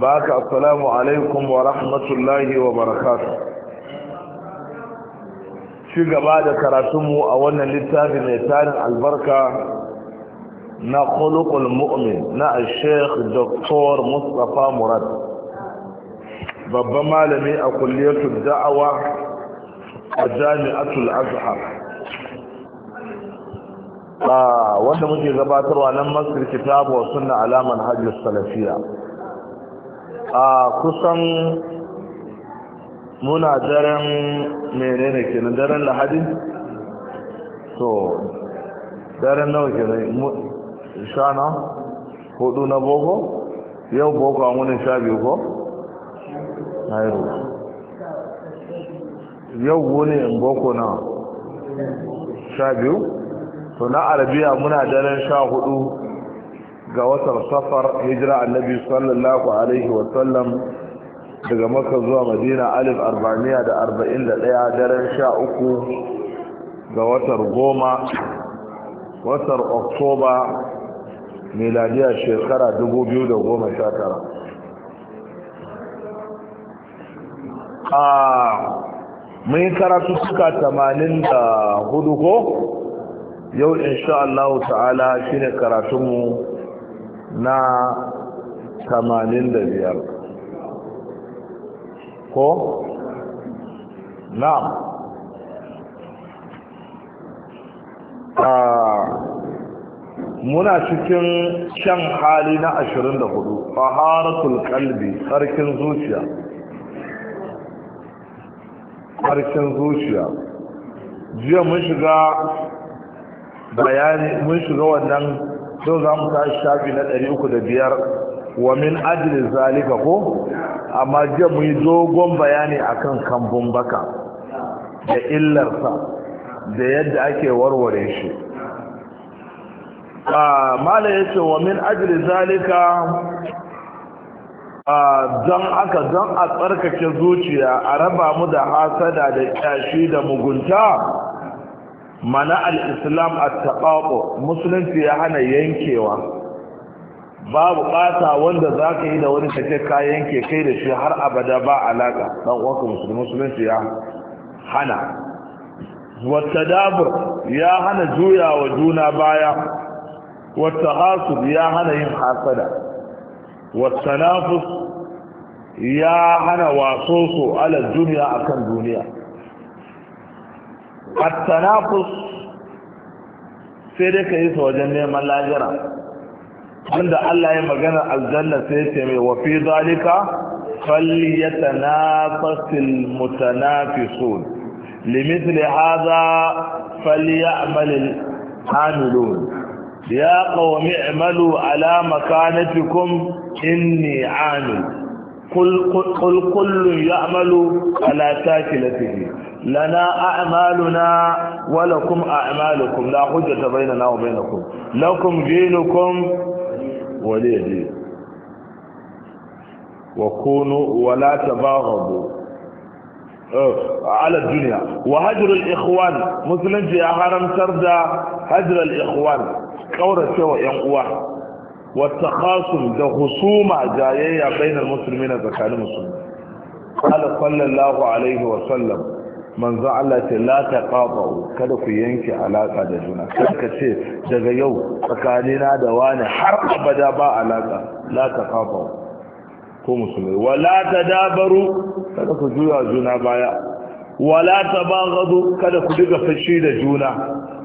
baka assalamu alaikum wa rahmatullahi wa barakatuh shi gaba da karatunmu a wannan littafi mai tarin albarka na khuluqul mu'min na al-sheikh dr mustapha murad babban malami a kulliyatu da'awa a jami'atul azhar ah, wanda muke gabatarwa nan masir kitabu wa sunna alaman hajji salafiya a kusan muna daren mere ne ke daren lahadi to daren nawa ke kenan shana hudu na boko yau boko a wani sha biyu ko? hairu yau wani boko na sha biyu to na arabiya muna daren sha hudu ga watan safar hijira annabi sallallahu alaihi wasallam daga maka zuwa madina alif 441 da arba'in da ɗaya daren sha uku ga watar goma watar oktoba miladiyar shekara 2019 a mun yi karatu suka tamanin da hudu ko yau insha Allah ta'ala ne karatunmu na 85 ko na'am a ah, muna cikin shan hali na 24 faharatul kalbi sarkin zuciya sarkin zuciya jiya mun shiga bayani mun shiga wannan yau za mu tashi shafi na ɗari uku da biyar wa min ajiyar zalika ko amma jiya mu yi dogon bayani akan kambun baka da illarsa da yadda ake warware shi ah, mala ya ce wa min ajiyar zalika ah, don aka don a tsarkake zuciya a raba mu da hasada da kyashi da mugunta mana al-islam at musulunci ya hana yankewa babu kasa wanda zaka yi da wani take ka yanke kai da shi har abada ba alaka dan uwanka musulunci ya hana wa tadabur ya hana juyawa juna baya Wata tahasud ya hana yin hasada wa tanafus ya hana wasoso ala duniya akan duniya التنافس سيدك يسوع جنيه من لا جرى عند الله يمغن الجنة سيتم وفي ذلك فليتنافس المتنافسون لمثل هذا فليعمل العاملون يا قوم اعملوا على مكانتكم إني عامل قل قل كل يعمل على شاكلته لنا أعمالنا ولكم أعمالكم لا حجة بيننا وبينكم لكم دينكم ولي دين وكونوا ولا تباغضوا أه، على الدنيا وهجر الإخوان مسلم في أهرم ترجى هجر الإخوان كورة سوى ينقوى والتخاصم ده خصومة جاية بين المسلمين ذكان المسلمين قال صلى الله عليه وسلم manzo Allah ce la taqabu kada ku yanke alaka da juna ka ce daga yau tsakanina da wani har abada ba alaka la taqabu ko musulmi wala tadabaru kada ku juya juna baya wala tabaghadu kada ku diga fashi da juna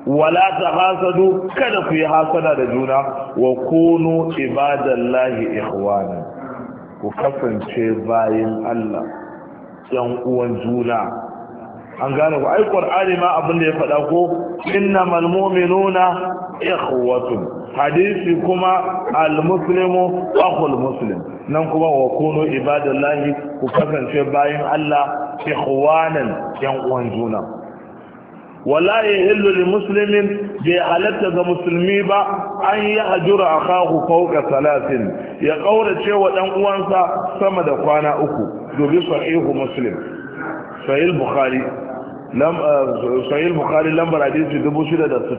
wala tahasadu kada ku yi hasada da juna wa kunu ibadallahi ikhwana ku kasance bayin Allah yan uwan juna an gane ku ai qur'ani ma abin da ya faɗa ko innamal mu'minuna ikhwatun hadisi kuma al-Musulmi almuslimu akhul muslim nan kuma wa kunu ibadallahi ku kasance bayin Allah ikhwanan yan uwan juna wala yahillu lil muslimin bi halatta ga musulmi ba an yahjura akahu fawqa salatin ya kaurace wa dan uwansa sama da kwana uku dubi sahihu muslim sahih bukhari uh, sahih bukhari lambar hadisi 665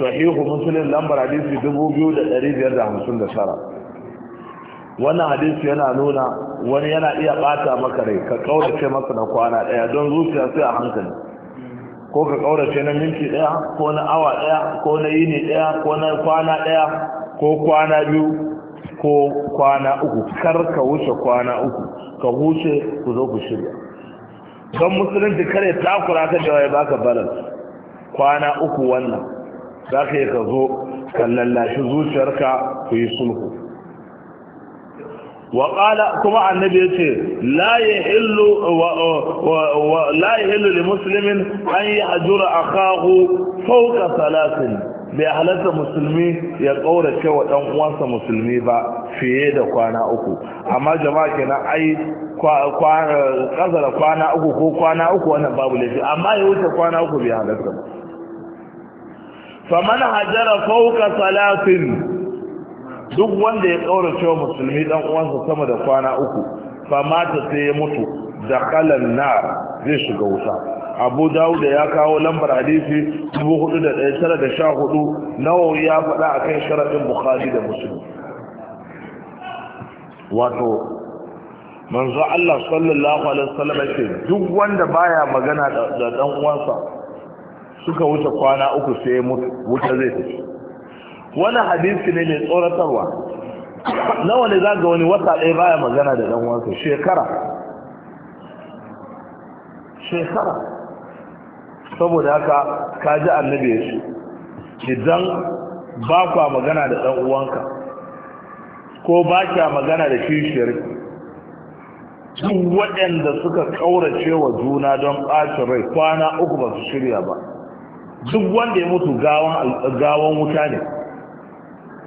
sahih muslim lambar hadisi 2559 wannan hadisi yana nuna wani yana iya bata maka rai ka kaurace maka na kwana daya don zuciya sai a hankali ko ka kaurace na minti daya ko na awa daya ko na yini daya ko na kwana daya ko kwana biyu ko kwana uku kar ka wuce kwana uku ka wuce ku zo ku shirya don musulunci kare takura ka da ya baka balas kwana uku wannan za ka yi ka zo ka lallashi zuciyarka ku yi sulhu waƙala kuma annabi ya ce la hillu da musulmin an yi hajjura a kahu fauka salatin bai halatta musulmi ya ƙaurace cewa ɗan uwansa musulmi ba fiye da kwana uku amma jama'a kenan ai kazara kwana uku ko kwana uku wannan babu laifi amma ya wuce kwana uku bai halatta ba faman hajara fauka salatin duk wanda ya kaura cewa musulmi dan uwansa sama da kwana uku ta sai ya mutu da kalan na zai shiga wuta abu dawud ya kawo lambar hadisi 4914 Nawa ya faɗa akan sharadin bukhari da muslim wato manzo Allah sallallahu alaihi wasallam ce duk wanda baya magana da dan uwansa suka wuce kwana uku sai mutu wuta zai tafi wani hadisi ne mai tsoratarwa nawa ne zaga wani wata ɗaya baya magana da dan uwansa shekara shekara saboda haka ka ji annabi ya ce idan ba kwa magana da dan uwanka ko ba kya magana da shi shirki duk waɗanda suka ƙaurace wa juna don ɓacin rai kwana uku ba su shirya ba duk wanda ya mutu gawan wuta ne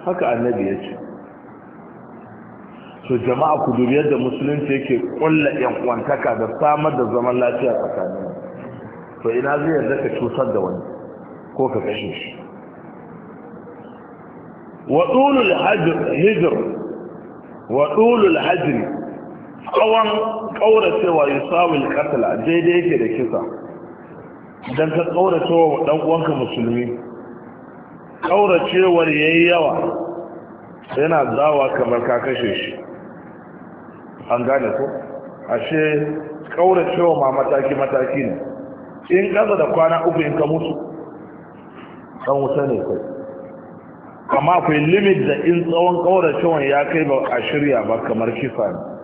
haka annabi ya ce to jama'a ku dubi yadda musulunci yake ƙulla yankwantaka da samar da zaman lafiya tsakanin to ina zai yadda ka cutar da wani ko ka kashe shi wa ɗulul hijir tsawon ƙauracewa ya sawil katila daidai yake da kisa don ka ƙauracewa ɗan uwanka musulmi ƙauracewar ya yi yawa yana zawa kamar ka kashe shi an gane ko ashe ƙauracewa ma mataki-mataki ne in ƙasa da kwana uku in ka mutu ɗan wuta ne kai amma akwai limit da in tsawon cewa ya kai ba a shirya ba kamar kifa ne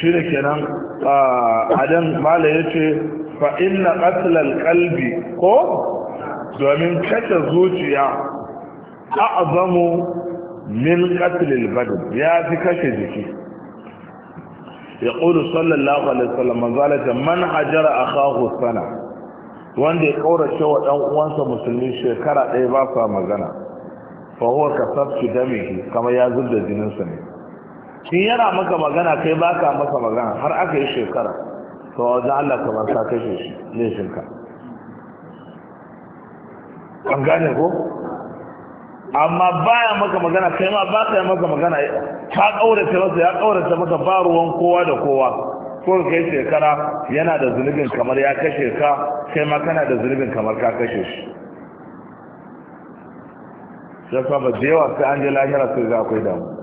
shi da kenan adan mala ya ce fa’in na ƙasilar ƙalbi ko domin kashe zuciya a'zamu min qatlil badin ya fi kashe jiki ƙudu sallallahu alaihi wasallam zalata man a kahu sana wanda ya ƙaurace wa ɗan uwansa musulmi shekara ɗaya ba sa magana fa huwa kasabtu damihi kama ya da jininsa ne shi yana maka magana kai baka maka magana har aka yi shekara to wajen Allah kamar sa kashe shi laifinka an gane ko amma baya maka magana kai ma ba ka yi maka magana ta kaurace masa ya kaurace maka ba ruwan kowa da kowa ko kai shekara yana da zunubin kamar ya kashe ka kai ma kana da zunubin kamar ka kashe shi sai saba da yawa sai an je lahira sai za akwai damu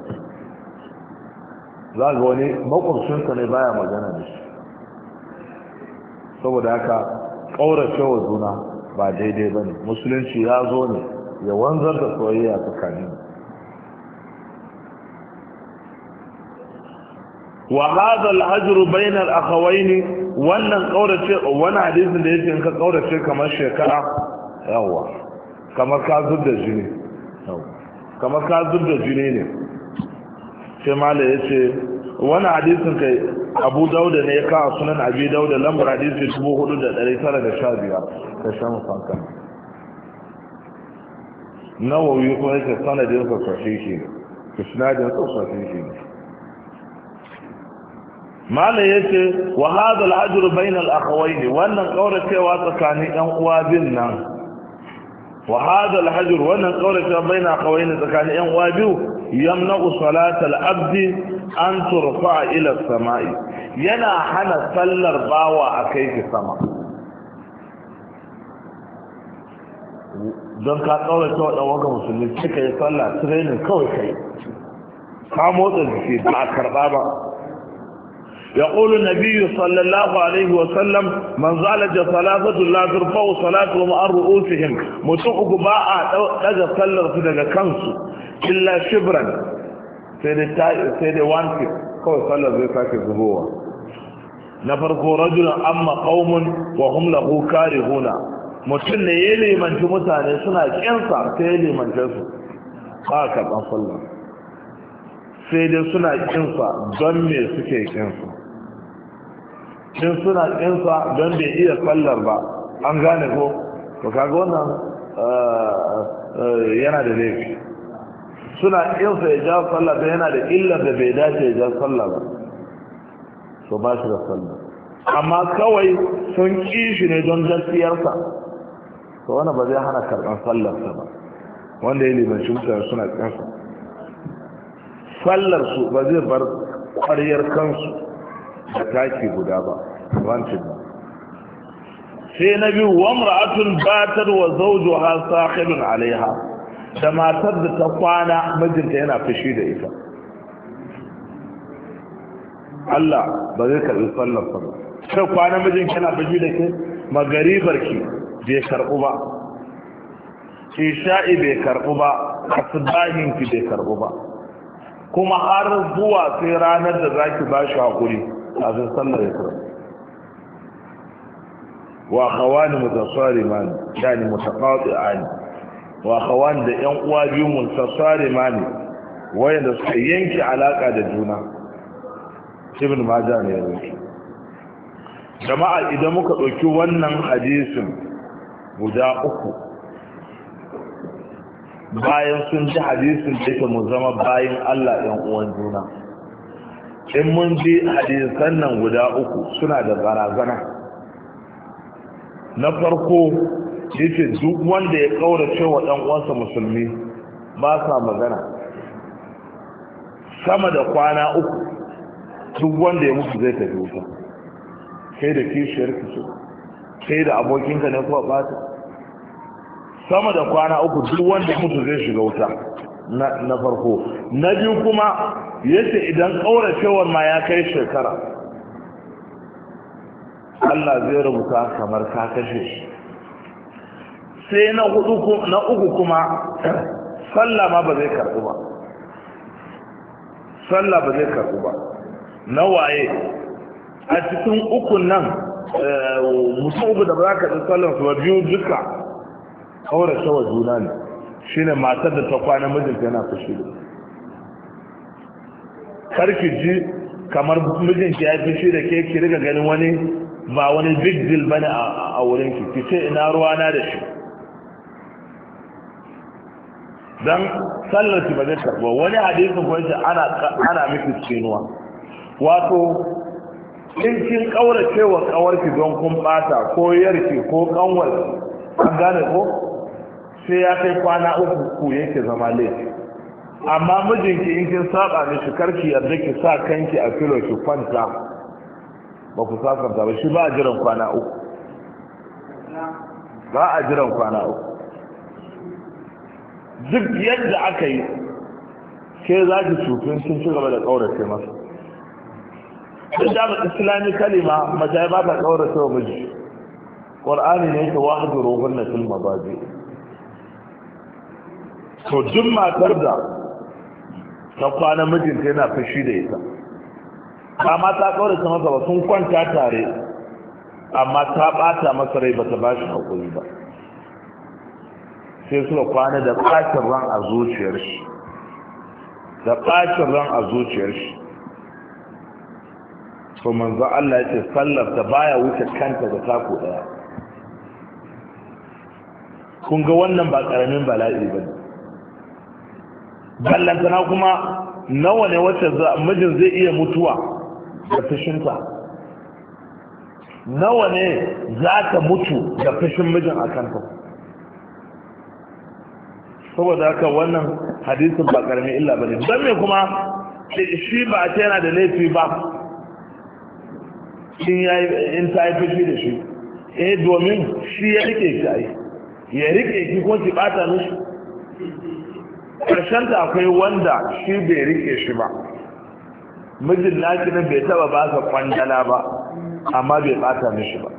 za ga wani makwabcinsa ne baya magana da shi saboda haka ƙaurace wa juna ba daidai ba ne musulunci ya zo ne ya wanzar da soyayya tsakanin wa hadha al-hajr bayna al-akhawayn wannan kaurace wani hadisin da yake in ka kaurace kamar shekara yawa kamar ka zubda jini yawa kamar ka zubda jini ne sai mala ya ce wani hadisin kai abu dauda ne ya kawo sunan abi dauda lambar hadisi 4,915 ta shan fanka nawawi kuma yake sanadin sassafi shi ne kisnadin sassafi shi ne mala ya ce wa hadal hajjur bainal akawai ne wannan kauracewa tsakanin yan uwa bin nan wa hada alhajr wannan kaurace baina qawain tsakanin yan uwa biyu yamna'u salatal abdi an turfa ila samai yana hana sallar bawa akai ki sama don ka tsaurata wa dan musulmi yi sallah training kawai kai ka motsa jiki ba a karba ba يقول النبي صلى الله عليه وسلم من زالج ثلاثة لا ترفع صلاتهم عن رؤوسهم متوقع باء تجا صلر في دقا كنسو إلا شبرا سيدي وانكي كوي صلر زي ساكي زبوة نفرق رجل أما قوم وهم له كارهون mutum ne ya limanci mutane suna kinsa sai ya limance su ba ka ɗan sallar sai dai suna kinsa don me suke kinsa in suna ɗinsa don bai iya tsallar ba an gane ko to kaga wannan eh, eh, yana da laifi suna ɗinsa ya ja tsallar da yana da illar da bai dace ya ja tsallar ba so ba shi da tsallar amma kawai sun ƙi shi ne don jasiyarsa to wani ba zai hana karɓar tsallarsa ba wanda ya limanci mutane suna ƙinsa su ba zai bar ƙwaryar kansu da taki guda ba rancin ba sai na biyu wa mar'atun batar wa zawjuha sahibun alaiha da matar da ta kwana mijinta yana fushi da ita Allah ba zai karbi sallar ba sai kwana mijin kana fushi da ke magaribar ki bai karbu ba isha'i bai karbu ba asbahin ki bai karbu ba kuma har zuwa sai ranar da zaki bashi hakuri kafin sallar ya kura wa kawani mutasari ma ne yani mutakawatsi a ne wa kawani da yan uwa biyu mutasari ma ne wayanda suka yanke alaka da juna ibn majah ne ya jama'a idan muka ɗauki wannan hadisin guda uku bayan sun ji hadisin da ke mu zama bayan Allah ɗan uwan juna in mun ji hadisan nan guda uku suna da barazana na farko yace duk wanda ya kaura cewa dan uwansa musulmi ba sa magana sama da kwana uku duk wanda ya mutu zai tafi wuta kai da kishiyar su? kai da abokinka ne kuwa bata sama da kwana uku duk wanda ya mutu zai shiga wuta na farko na biyu kuma yace idan ƙauracewar ma ya kai shekara Allah zai rubuta kamar ka kashe shi sai na hudu na uku kuma sallah ma ba zai karbu ba sallah ba zai karbu ba na waye a cikin uku nan eh, mutum uku da ba za ka ɗin sallar su ba biyu duka ƙauracewa juna ne shine matar da ta kwana mijinta yana fushi da karki ji kamar mijinki ya fi da ke ki riga ganin wani ba wani big deal bane a wurinki ki ce ina ruwa na da shi dan sallarki ba zai karbo wani hadisin ko shi ana ana miki cinuwa wato in kin kauracewa wa kawarki don kun bata ko yarki ko kanwar an gane ko sai ya kai kwana uku ku yake zama laifi amma mijinki in kin saba mishi karki yarda ki sa kanki a filo ki kwanta ba ku sasanta ba shi ba a jiran kwana uku ba a jiran kwana uku duk yadda aka yi ke za ki cufin sun ci gaba da ƙaurace masa duk da ba islami kalima mace ba ta ƙaurace wa miji ƙwar'ani ne ta da rohun na filma ba to duk matar da ta kwana mijinta yana fashi da ita amma ta kawar ta masa ba sun kwanta tare amma ta bata masa rai ba ta ba shi ba sai suka kwana da ɓacin ran a zuciyar shi da ɓacin ran a zuciyar shi to manzo Allah ya ce sallar da baya wuce kanta da tako daya kun ga wannan ba karamin bala'i bane ballantana kuma nawa ne wacce mijin zai iya mutuwa da fushinta nawa ne za ta mutu da fushin mijin a kanta saboda haka wannan hadisin ba karami illa ba ne don me kuma shi ba a yana da laifi ba in ta yi fushi da shi eh domin shi ya rike shi a yi ya rike shi ko ki bata mishi ƙarshen da akwai wanda shi bai rike shi ba mijin nakinin bai taba ba ka kwandala ba amma bai bata mishi ba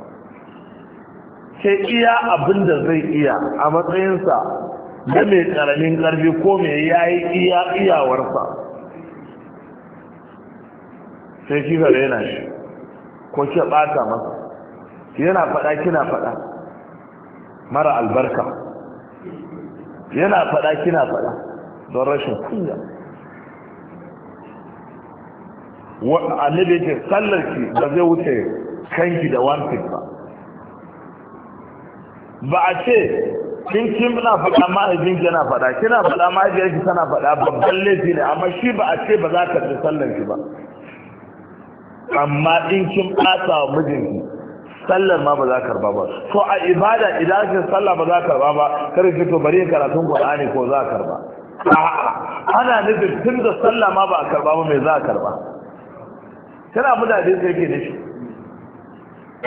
sai iya abin da zai iya a matsayinsa da mai ƙaramin ƙarfi ko mai yayi iya iyawarsa sai kika yana shi ko ke bata masa yana faɗa kina faɗa mara albarka yana faɗa kina faɗa don rashin kunya annabi ce ki ba zai wuce kanki da wantin ba ba a ce kin kin na faɗa mahaifin yana faɗa kina faɗa mahaifiyarki tana faɗa babban laifi ne amma shi ba a ce ba za ka ci ki ba amma in kin ɓata wa mijinki sallar ma ba za ka karba ba to a ibada idan kin sallah ba za ka karba ba kar ki to bari karatun qur'ani ko za ka karba ana nufin tun da sallah ma ba a karba ba mai za a karba tana mutane sai ke nishi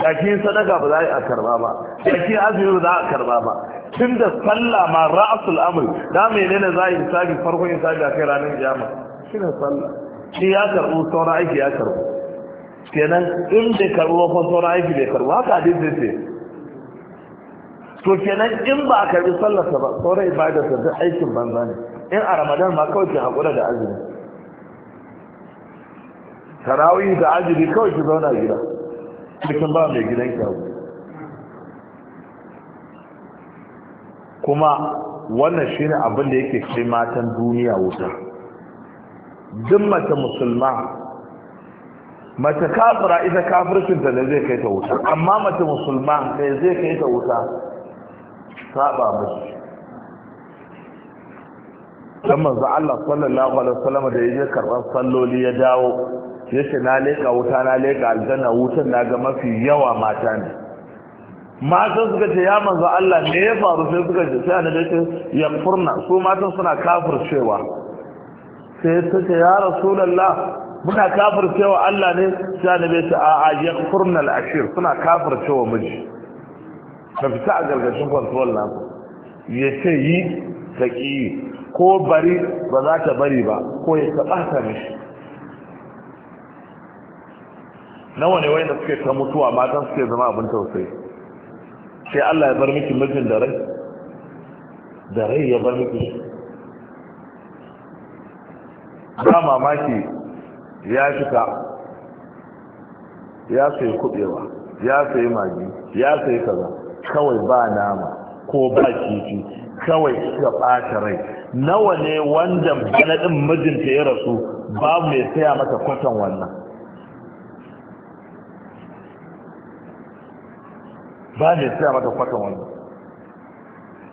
yakin sadaka ba za a karba ba yakin azumi ba za a karba ba tun da sallah ma ra'asul amr da menene za a yi sabi farkon yin sabi a kai ranar jama shi ne sallah shi ya karbu sauran aiki ya karbu kenan in bai karbu ba sauran aiki bai karbu haka hadisi ce to kenan in ba a karbi sallarsa ba sauran ibadarsa duk aikin banza ne in a ramadan ma kawai ke haƙura da azumi tarawih da azumi kawai ke zauna gida cikin ba mai gidan ki kuma wannan shine abin da yake kai matan duniya wuta duk mace musulma mace kafira ita kafircinta ne zai kai ta wuta amma mace musulma ne zai kai ta wuta saba musu dan manzo Allah sallallahu alaihi wasallam da yaje karban salloli ya dawo yace na leka wuta na leka aljanna wutan na ga mafi yawa mata ne matan suka ce ya manzo Allah me ya faru sai suka ce sai annabi ce ya furna su matan suna cewa sai ta ce ya rasulullah muna cewa Allah ne sai annabi ce a a ya furna al-ashir suna cewa miji ka fita a gargashin control na ya ce yi ta ƙi ko bari ba za ta bari ba ko ya taɓa ta mishi nawa ne wanda suke ta mutuwa matan suke zama abin tausayi sai Allah ya bar miki mijin da rai da rai ya bar miki ba mamaki ya fita ya sayi kubewa ya sayi magi ya sayi kaza kawai ba nama ko ba kifi kawai suka ɓata rai nawa ne wanda bana ɗin mijinta ya rasu babu mai saya mata kwatan wannan ba mai saya mata kwatan wannan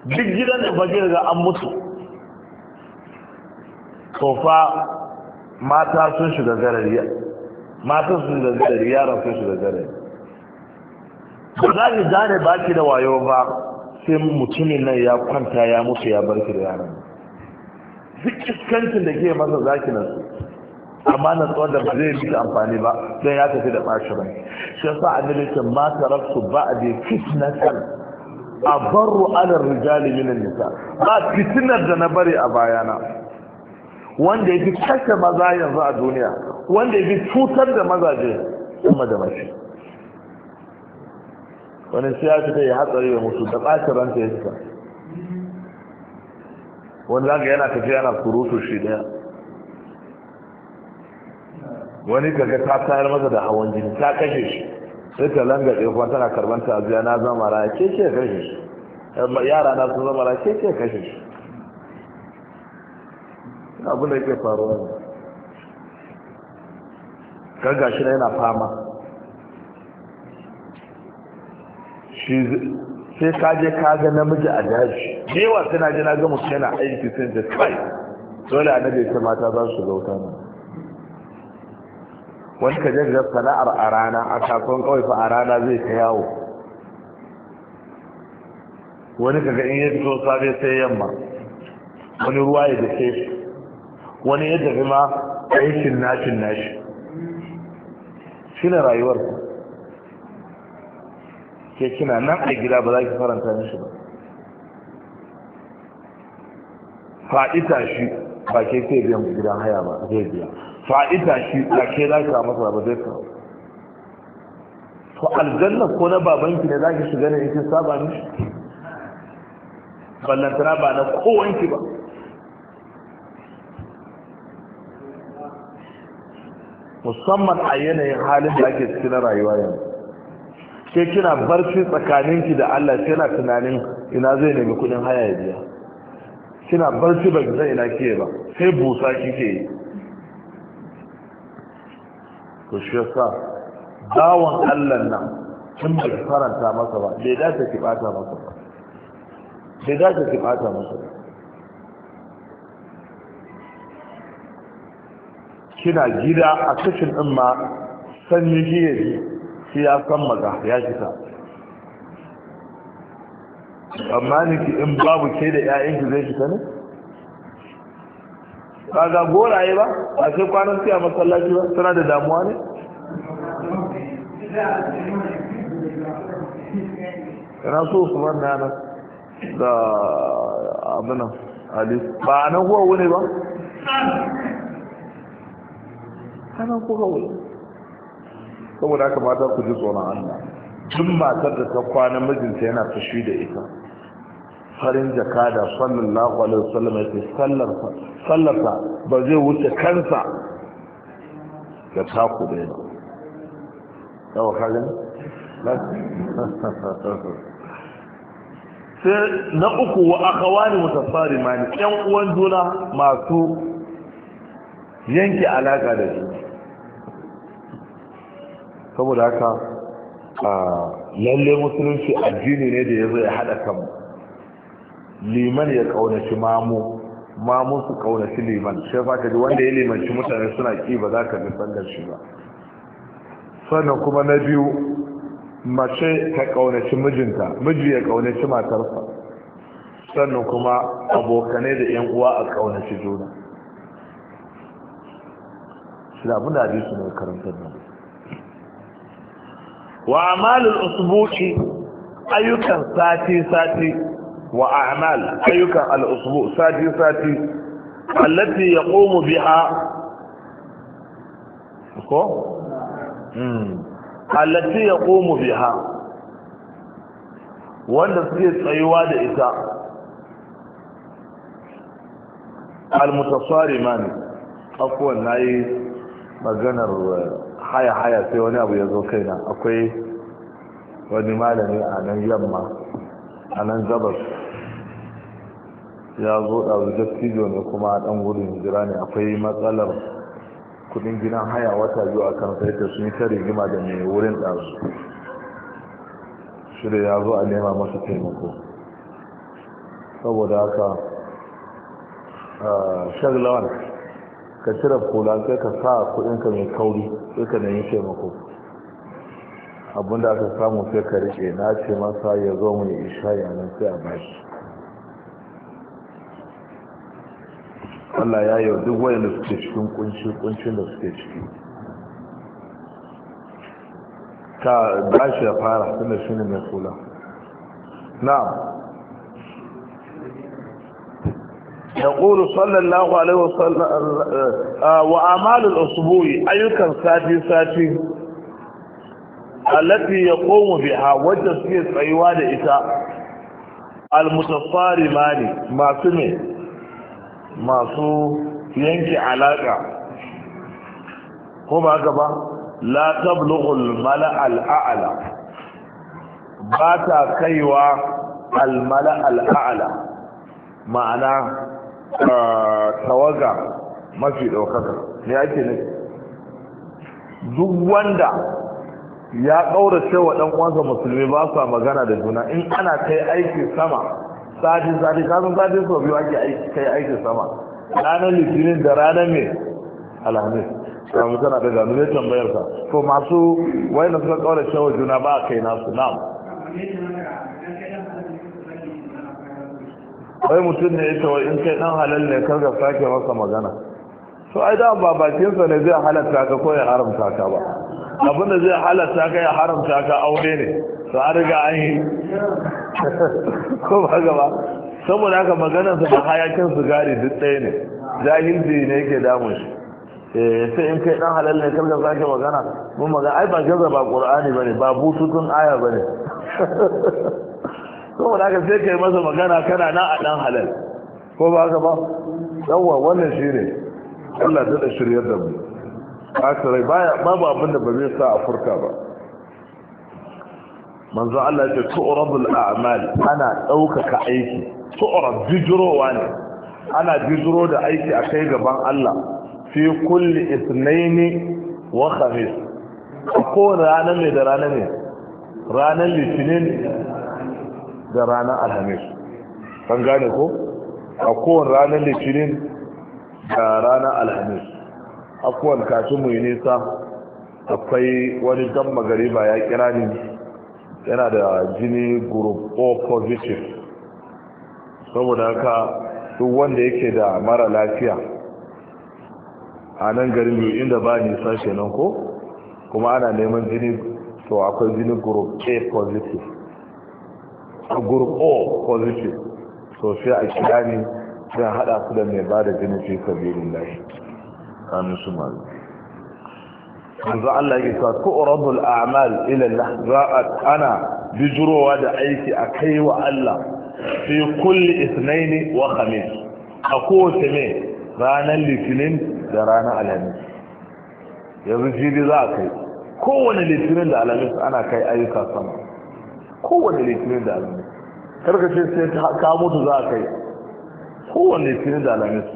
duk gidan da ba ga an mutu sofa mata sun shiga zarari mata sun shiga zarari yaran sun shiga zarari ba za ki gane baki da wayo ba sai mutumin nan ya kwanta ya mutu ya barki da yaran duk iskancin da ke masa zaki na su amma na tsawon da ba zai yi amfani ba don ya tafi da ɓashi rai shi yasa annabi ce ma taraktu ba'di a abarru ala rijali min nisa ba fitinar da na bari a bayana wanda fi kashe maza yanzu a duniya wanda fi cutar da mazaje kuma da mace wani siyasa ta yi hatsari da mutu da ɓacin ranta ya suka wani zanga yana tafiya yana surutu shi daya wani kaga ta tayar masa da hawan jini ta kashe shi sai ta langa ɗaya kuma tana karɓar ta'aziyya na zama raya ke ce kashe shi yara na sun zama raya ke ce kashe shi abin da yake faruwa ne kan gashi na yana fama shi sai ka je ka ga namiji a daji Mewa suna jina ga mutum yana aiki sun da kai dole a nabe ta mata za su zauta ne. wani ka jirga sana'ar a rana a kasuwan kawai fa a rana zai ta yawo wani ka ga in yi fito safe sai yamma wani ruwa ya da ke wani ya tafi ma aikin nashin nashi shi ne rayuwarsa ke kina nan a gida ba za ki faranta mishi ba fa'ita shi ba ke ke biyan gidan haya ba zai biya fa'ita shi ba ke za ka masa ba zai kawo to aljanna ko na babanki ne za ki shiga ne ita saba mishi ballantana ba na kowanki ba musamman a yanayin halin da ake cikin rayuwa yanzu ke kina barci tsakaninki da Allah sai na tunanin ina zai nemi kudin haya ya biya kina barci ba zai ina ke ba sai busa kike yi to shi yasa dawon Allah nan tun da faranta masa ba bai dace ki bata masa ba bai dace ki bata masa ba kina gida a kashin din ma sanyi giyaji shi ya san maza ya kita amma niki in babu ke da ƴaƴanki zai kita ne ba ga goraye ba a sai kwanan siya masallaci ba suna da damuwa ne yana so su wanda nan da abinan ali ba a nan kowa wune ba a nan kowa wune saboda haka mata ku ji tsoron Allah tun matar da ta kwana mijinta yana fushi da ita farin jakada sallallahu alaihi wasallam yake sallarsa sallarsa ba zai wuce kansa da taku da yana yawa kajin sai na uku wa akawani mutasari mani yan uwan juna masu yanke alaka da juna saboda haka lalle musulunci addini ne da ya zo ya haɗa kan liman ya ƙaunaci mamu mamu su ƙaunaci liman shi fa ka ji wanda ya limanci mutane suna ki ba za ka nisan shi ba sannan kuma na biyu mace ta ƙaunaci mijinta miji ya ƙaunaci matarsa sannan kuma abokane da 'yan uwa a ƙaunaci juna shi da da ne karantar nan wa amalul usbu'i ayyukan sati sati wa a'mal ayyukan al-usbu sati sati allati yaqumu biha ko mm allati yaqumu biha wanda suke tsayuwa da ita al-mutasariman afwan nayi maganar haya haya sai wani abu ya zo kaina akwai wani malami a nan yamma a nan gabas ya zo ɗazu dattijo ne kuma a ɗan gudun jira ne akwai matsalar kudin gidan haya wata biyu a kan sai ta sun ta rigima da mai wurin ɗazu shi da ya zo a nema masu taimako saboda haka ah, shaglawan ka cire kula sai ka sa ka mai kauri sai ka nemi taimako da aka samu sai ka rike na ce masa ya zo mu yi isha nan sai a bashi Allah ya yau duk wayanda suke cikin kunshi kunshin da suke ciki ta bashi ya fara tunda shi ne mai kula na'am يقول صلى الله عليه وسلم وأعمال الأسبوع كان ساتي ساتي التي يقوم بها وجد فيه سيوان إتاء المتصارمان ما سمي ما سو ينكي علاقة هم أقبا لا تبلغ الملأ الأعلى باتا كيوا الملأ الأعلى معناه tawaga mafi ɗaukaka ne ake ne duk wanda ya ƙaura cewa ɗan ƙwansa musulmi ba su magana da juna in ana kai aiki sama sadi sadi kasan sadi sau biyu ake kai aiki sama ranar litinin da ranar mai alhamis samu tana da gano ne tambayarsa to masu wayanda suka ƙaura cewa juna ba a kai nasu na'am wai mutum ne ita wai in kai dan halal ne kar karga sake masa magana to ai da ba bakinsa ne zai halatta ka ko ya haramta ka ba abin da zai halatta ka ya haramta ka aure ne to an riga an yi ko ba gaba saboda haka maganarsa da hayakin sigari duk ɗaya ne jahilci ne yake damun shi eh, sai in kai dan halal ne kar karka sake magana mun magana ai ba gaza ba qur'ani bane ba bututun aya bane saboda haka sai kai masa magana kana na a dan halal ko ba haka ba yawa wannan shi ne. Allah ta da shiryar da mu akarai baya babu abin da ba zai sa a furka ba manzo Allah ya tu'radul a'mal ana ɗaukaka aiki tu'rad bijrowa ne ana bijro da aiki a kai gaban Allah fi kulli ithnaini wa khamis ko ranar ne da ranar ne ranar litinin da ranar alhamis kan gane ko a kowane ranar litinin da ranar alhamis a kowane kafin mu nisa akwai wani dan magariba ya kira ne yana da jini group o positive saboda haka duk wanda yake da mara lafiya a nan garin yi inda ba nisa kenan ko kuma ana neman jini to akwai jini group a positive a gurɓo position so sai a kira ne sai haɗa su da mai ba da jini fi sabirin lahi kamin su malu yanzu Allah ya sa ko rabul a'mal ila Allah za a ana bijirowa da aiki a kai wa Allah fi kulli ithnaini wa khamis a kowace ne ranar litinin da ranar alhamis yanzu jibi za a kai kowane litinin da alhamis ana kai ayyuka sama kowane litinin da alamis karka ce sai ka mutu za kai. yi kowane litinin da alamis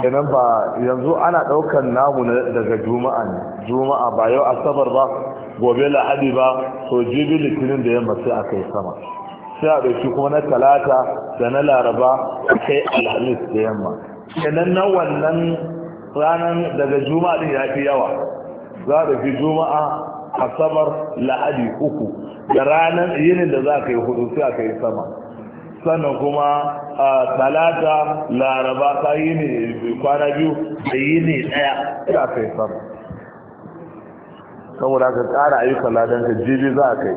kenan ba yanzu ana ɗaukan namu daga juma'a ne juma'a ba yau asabar ba gobe lahadi ba so jibi litinin da yamma sai a kai sama sai a ɗauki kuma na talata da na laraba a kai alhamis da yamma kenan na wannan ranar daga juma'a din ya fi yawa za a ɗauki juma'a asabar lahadi uku da ranar yinin da za ka yi hudu sai aka yi sama sannan kuma a talata laraba ta yi ne kwana biyu da yi ne daya sai aka yi sama saboda ka kara ayyuka ladan ka jibi za a kai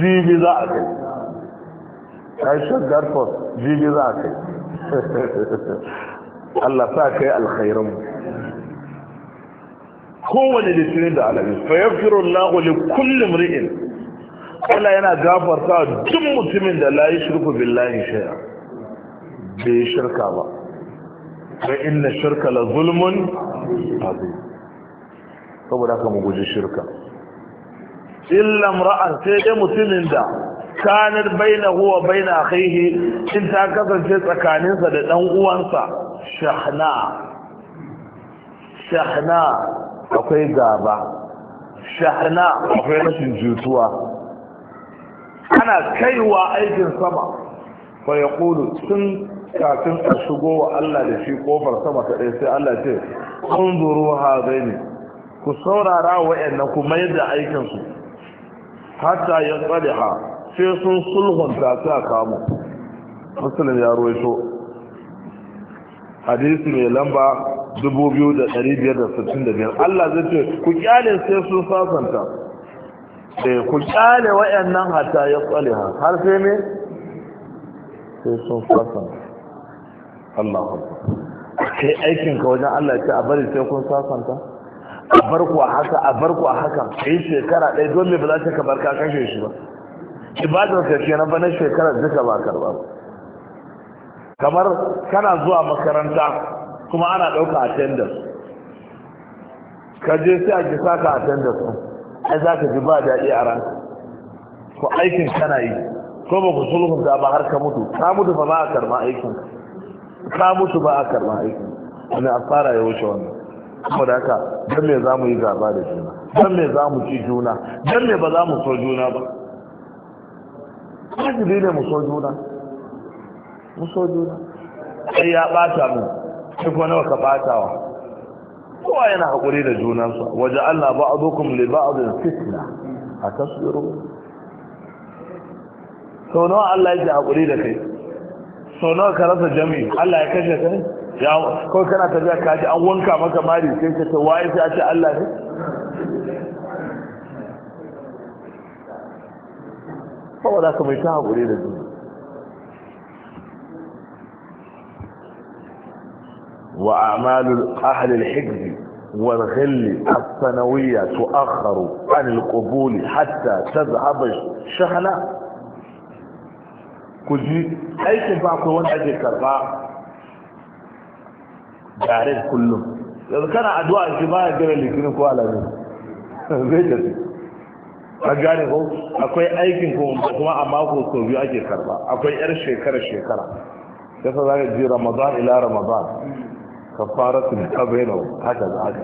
jibi za a kai ƙarshen garfos jibi za a kai Allah sa kai alkhairun kowane litinin da alamis fa yaghfiru Allahu li kulli mri'in Allah yana gafarta duk mutumin da la yushriku billahi shay'a bai shirka ba fa inna shirka la zulmun azim saboda haka mu guji shirka illa imra'an sai dai mutumin da kanar baina huwa baina akhihi in ta kasance tsakaninsa da dan uwansa shahna shahna akwai gaba shahana akwai rashin jituwa. ana kaiwa aikin sama fa ya kulu sun kafin a shigo wa Allah da shi kofar sama ta ɗaya sai Allah ce kun zuru ha ne ku saurara yannan ku mai da aikinsu hatta ya tsare sai sun sulhunta a kamu musulun ya ruwaito hadisi mai lamba 2565 Allah zai ce ku kyale sai sun sasanta sai eh, ku kyale wayannan hata ya tsale har sai ne sai sun sasanta Allah kai aikin ka wajen Allah ce a bari sai kun sasanta a bar a haka a bar a haka shekara ɗaya don me ba za ka bar ka kashe shi ba ibadar ka kenan ba na shekarar duka ba karba kamar kana zuwa makaranta kuma ana ɗauka attendance ka je sai a ki saka attendance ɗin ai za ka ji ba daɗi a ran ko aikin kana yi ko ba ku sulhunta ba har ka mutu ka mutu ba ba a karɓa aikin ka mutu ba a karɓa aikin wani a fara ya wuce wannan kuma da haka don me za mu yi gaba da juna don me za mu ci juna don me ba za mu so juna ba wajibi ne mu so juna mu so juna sai ya ɓata mu shi ko nawa ka batawa kowa yana haƙuri da junansa waje Allah ba'dukum li ba'din fitna a tasbiru sau nawa Allah yake haƙuri da kai sau nawa ka rasa jami'i Allah ya kashe kai ya ko kana tafiya ka ji an wanka maka mari sai ka ce waye sai a ce Allah ne saboda ka mai ta haƙuri da juna وأعمال أهل الحجز والغل السنوية تؤخر عن القبول حتى تذهب الشحنة كذي أي تنفع كون أجل كرقاء جارين كلهم إذا كان أدواء الجماعة جرى اللي كنوا كوالا بيجي an هو أكوي akwai aikin kuma a mako sau biyu ake karba akwai yar shekara shekara yasa za رمضان ta kabainau haka za haka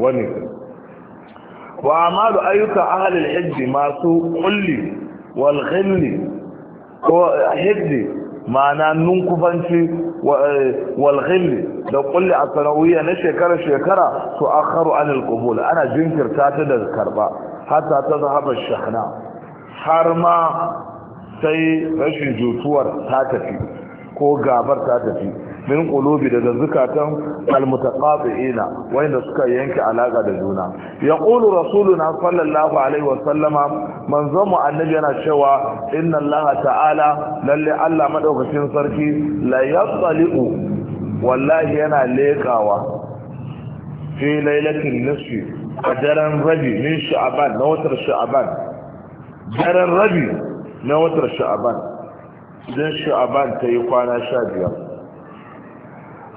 wani wa amma amalu ayyuka ahalin hijji masu kulli wal ko hijji ma'ana nunkufanci eh, wal da kulli a sanawiyya na shekara shekara su akharu an qubul ana jinkirta ta da karba hatta ta zahaba shahna har ma sai rashin jutuwar ta tafi ko gabar ta tafi min qulubi daga zukatan almutaqati'ina wanda suka yanke alaka da juna yaqulu rasuluna sallallahu alaihi wa sallama man mu annabi yana cewa inna allaha ta'ala lalle allah madaukakin sarki la yatsali'u wallahi yana lekawa fi lailatin nisfi a daren rabi min na watar sha'aban daren rabi na watar idan ta yi kwana sha biyar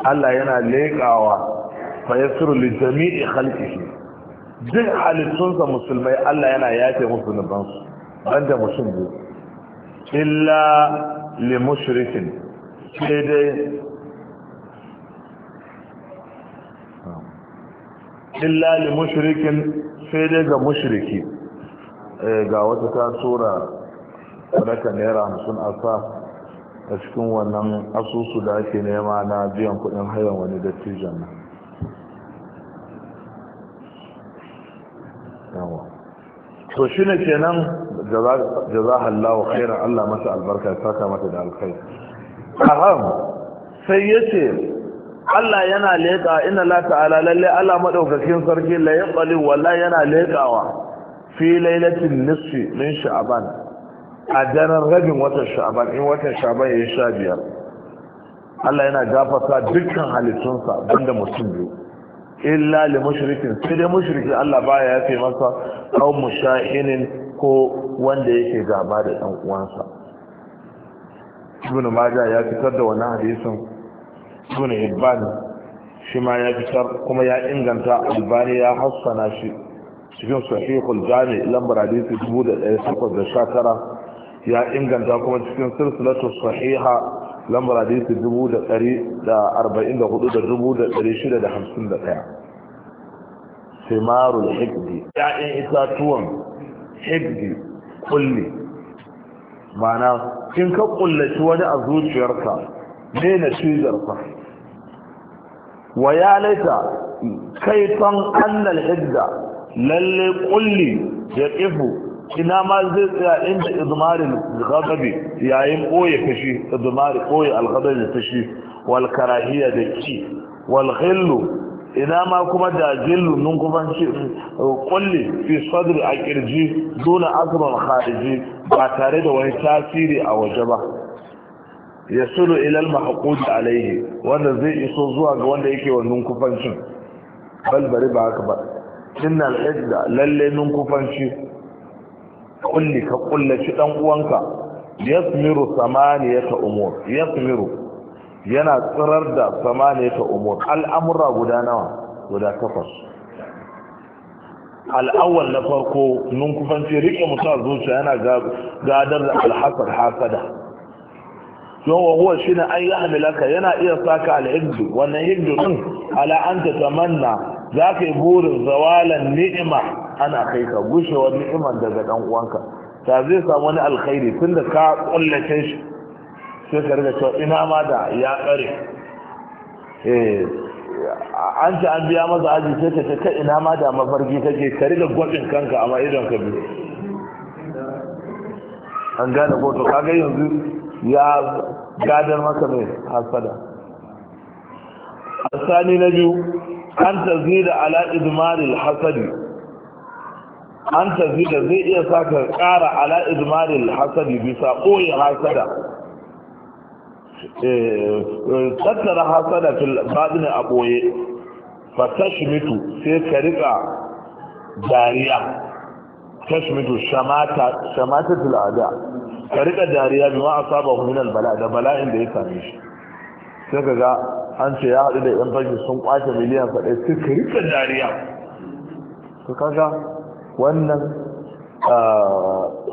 Allah yana leƙawa fa yasiru li jami'i khalqihi duk halittunsa musulmai Allah yana yafe musu nuban su banda mutum biyu illa li mushrikin sai dai illa li mushrikin sai dai ga mushriki eh, ga wata ta tura sadaka naira hamsin a a cikin wannan asusu da ake nema na biyan kudin hayan wani dattijan nan to shi ne kenan hallawa, khairan Allah masa albarka ya saka mata da alkhair aham sai yace Allah yana leka inna la ta'ala lalle Allah maɗaukakin sarki la yaqali walla yana lekawa fi lailatin nisfi min sha'ban a janar rabin watan sha'aban in watan sha'aban ya yi sha biyar Allah yana gafasa dukkan halittunsa banda mutum biyu illa li mushrikin sai dai mushrikin Allah baya yafe masa kawo musha'inin ko wanda yake gaba da ɗan uwansa Ibn maja ya fitar da wani hadisin Ibn Hibban shi ma ya fitar kuma ya inganta Albani ya hassana shi cikin sahihul Jami lambar hadisi 1819 ya inganta kuma cikin silsilatu sahiha lambar hadisi 1444 da 651 simarul hikdi ya'in itatuwan hikdi kulli mana kin ka kullaci wani a zuciyarka ne na cizarsa wa ya laita kaifan annal hidda lalle kulli ya ƙifu ina ma zai tsaya inda izmarin ghadabi yayin koye kashi izmari koye alghadabi da tashi wal karahiya da ki wal khillu ina ma kuma da jillu nun kuma ce kulli fi sadri a kirji dole azman khariji ba tare da wani tasiri a waje ba yasulu ila al mahqud alayhi wanda zai iso zuwa ga wanda yake wannan kufancin bal bari ba haka ba innal hijda lalle nun kufanci kulli ka kullaci dan uwanka yasmiru samaniyata umur yasmiru yana tsirar da samaniyata umur al'amura guda nawa guda takwas al'awwal na farko nun kufanci rike mutum zuciya yana gadar da alhasad hasada don wa huwa shine an yi hamilaka yana iya saka al'ibdu wannan hibdu din ala an ta tamanna za ka yi burin zawalan ni'ima ana kai ka gushewar ni'imar daga dan uwanka ta zai samu wani alkhairi tunda ka kullace shi sai ka riga cewa ina ma da ya kare eh an ci an biya masa aji sai ka ce ka ina ma da mafarki kake ka riga gwabin kanka amma idan ka bi. an gane ko to kaga yanzu ya gadar maka mai hasada asani na biyu an da ala idmaril hasadi an tafi da zai iya sa ka ƙara ala izmaril hasadi bisa koyi hasada eh, tattara hasada fil babin a ɓoye fatashmitu sai ka riƙa dariya tashmitu shamata shamata fil ada ka riƙa dariya bi ma asaba hu min bala da bala'in da ya same shi sai ka ga an ce ya haɗu da yan fashi sun kwace miliyan sa sai ka riƙa dariya Ka kaga wannan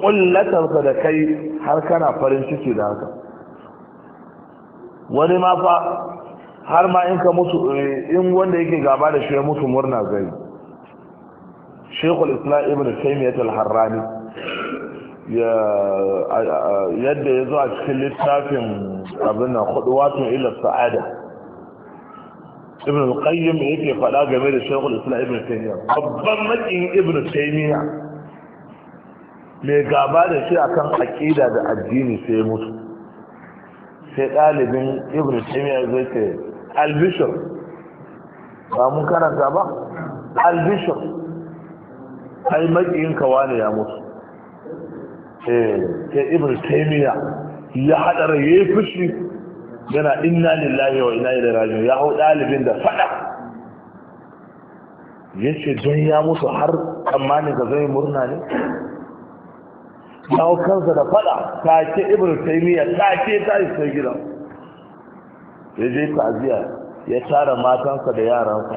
ƙullatarsa da kai har kana farin ciki da haka wani ma fa har ma in ka mutu eh, in wanda yake gaba da shi ya mutu murna zai shekul islam ibn taimiyyat al-harrani yadda ya zo a cikin littafin abin na hudu watan ilar sa'ada ibn al-qayyim yake faɗa game da shaykhul islam ibn taymiya babban makin ibn taymiya mai gaba da shi akan aqida da addini sai mutu sai ɗalibin ibn taymiya zai ce al-bishr ba mun karanta ba al-bishr ai makin kawane ya mutu eh sai ibn taymiya ya hadara yayi fushi yana inna lillahi wa inna ilaihi raji'un ya hau dalibin da fada yace don ya mutu har tsammanin ka zai murna ne ya hau kansa da fada ta ce ibnu taymiya ta ce ta yi sai gida ya je ta'aziya ya tara matansa da yaransa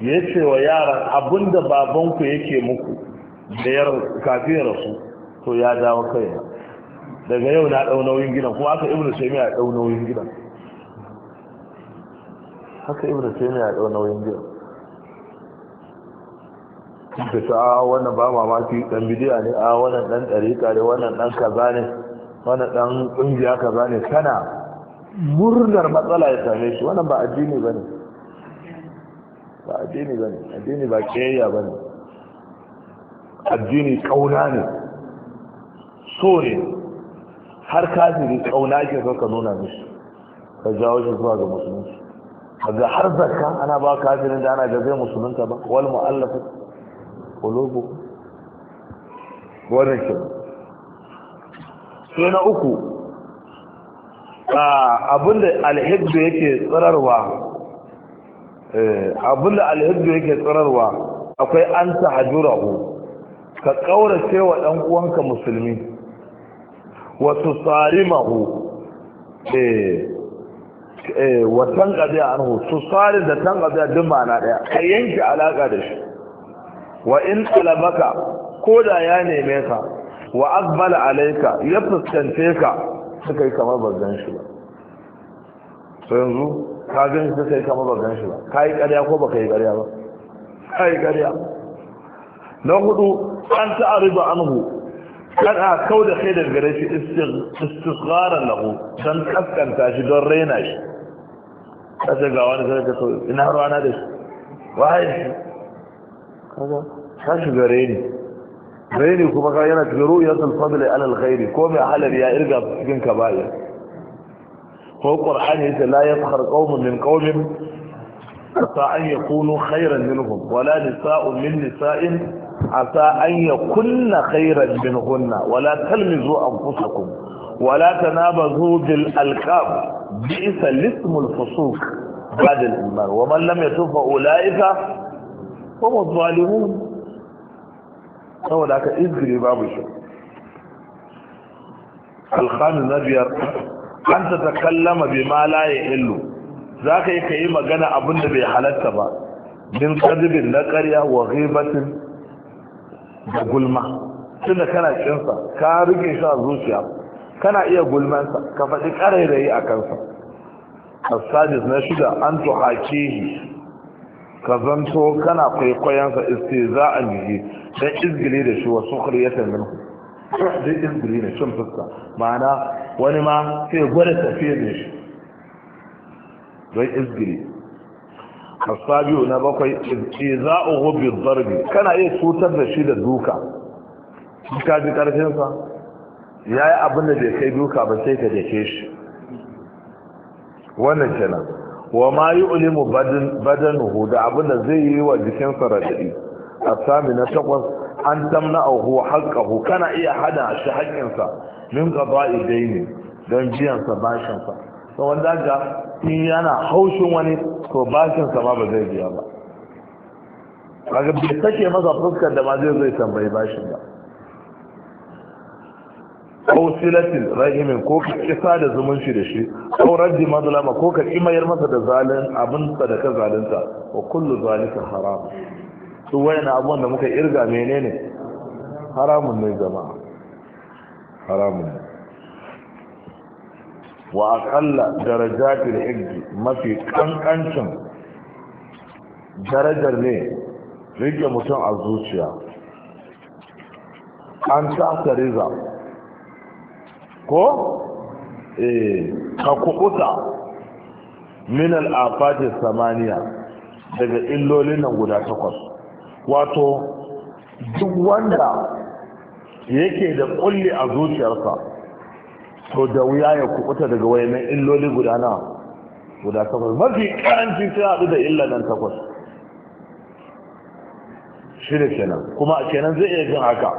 ya ce wa yaran abinda babanku yake muku da yar kafin rasu to ya dawo kaina daga yau na ɗau nauyin gidan kuma aka ibnu taymiya ya ɗau nauyin gidan haka ibnu taymiya a ɗau nauyin gidan da a ah, wannan ba mamaki dan bidiya ne a ah, wannan dan dariƙa ne wannan dan kaza ne wannan dan kungiya kaza ne kana murnar matsala ya same shi wannan ba addini ne ba addini ne addini ba kiyayya ne addini kauna ne so ne har kafiri tsauna ke so ka nuna mishi ka jawo shi zuwa ga musulunci Ga har zakka ana ba kafirin da ana ga musulunta ba wal mu'allafa qulubu wannan ke sai na uku abinda alhibdu yake tsararwa eh, abinda alhibdu yake tsararwa akwai an tahajurahu ka kaurace wa dan uwanka musulmi wasu tsari mahu watan ƙabiya an hu su tsari da tan ƙabiya duk ma'ana ɗaya ka yanke alaƙa da shi wa in talabaka ko da ya neme ka wa akbala alaika ya fuskance ka suka yi kamar bazan shi ba so yanzu ka gan shi suka yi kamar bazan shi ba ka yi karya ko ba ka yi karya ba ka yi karya. na hudu an ta'ariba anhu kada kau da kai daga gare shi istisgharan lahu dan kaskanta shi don raina shi kace ga wani sai ka so ina rana da shi wai kaga ka shiga raini raini kuma ka yana cikin ru'yatul fadli ala alkhairi ko mai halal ya irga cikin kaba'ir ko qur'ani yace la yafkhar qaumun min qaumin asa an yakunu khairan minhum wala nisa'un min nisa'in ata an ya kunna khairar bin hunna wala kalmi zo an fusakun wala ta na ba zo bil alkaf bi isa lismul ya tufa ula'ika ko mu zalimu saboda ka izgiri babu shi alkhanu na biyar an ta takallama bi malaye illu za ka yi ka yi magana abinda bai halarta ba bin kadibin na karya wa ghibatin da gulma tun da kana kinsa ka rike shi a zuciya kana iya gulmansa ka faɗi ƙarairayi a kansa asadis na shida an shi ka zanto kana kwaikwayonsa za a jiki don izgili da shi wasu kuryatar min don izgili da cin fuska ma'ana wani ma sai gwada tafiye da shi don izgili asabiu na bakwai iza'uhu bizarbi kana iya cutar da shi da duka ka ji karfin sa yayi abin da bai kai duka ba sai ka dake shi wannan kenan wa ma yu'limu badan badanuhu da abin da zai yi wa jikin sa radadi asami na takwas an tamna tamna'uhu haqqahu kana iya hada shi haƙƙin sa min qada'i dayni don biyan sa bashin sa to wanda ga in yana haushin wani to bashinsa ma ba zai biya ba kaga bai take masa fuskar da ma zai zai tambayi bashin ba ko silatin rahimin ko ka kisa da zumunci da shi ko raddi mazlama ko ka kimayar masa da zalin abin sadaka zalunta wa kullu zalika haram su wayana abubuwan da muka irga menene haramun ne jama'a haramun ne wa akalla darajatul hijji mafi kankancin darajar ne rike mutum a zuciya an tasa riza ko eh ka min al'afati samaniya daga illolin nan guda takwas wato duk wanda yake da kulli a zuciyarsa to da wuya ya kubuta daga wayannan illoli guda nawa, guda takwas mafi karancin sai haɗu da illa nan takwas shi ne kenan kuma a kenan zai iya jin haka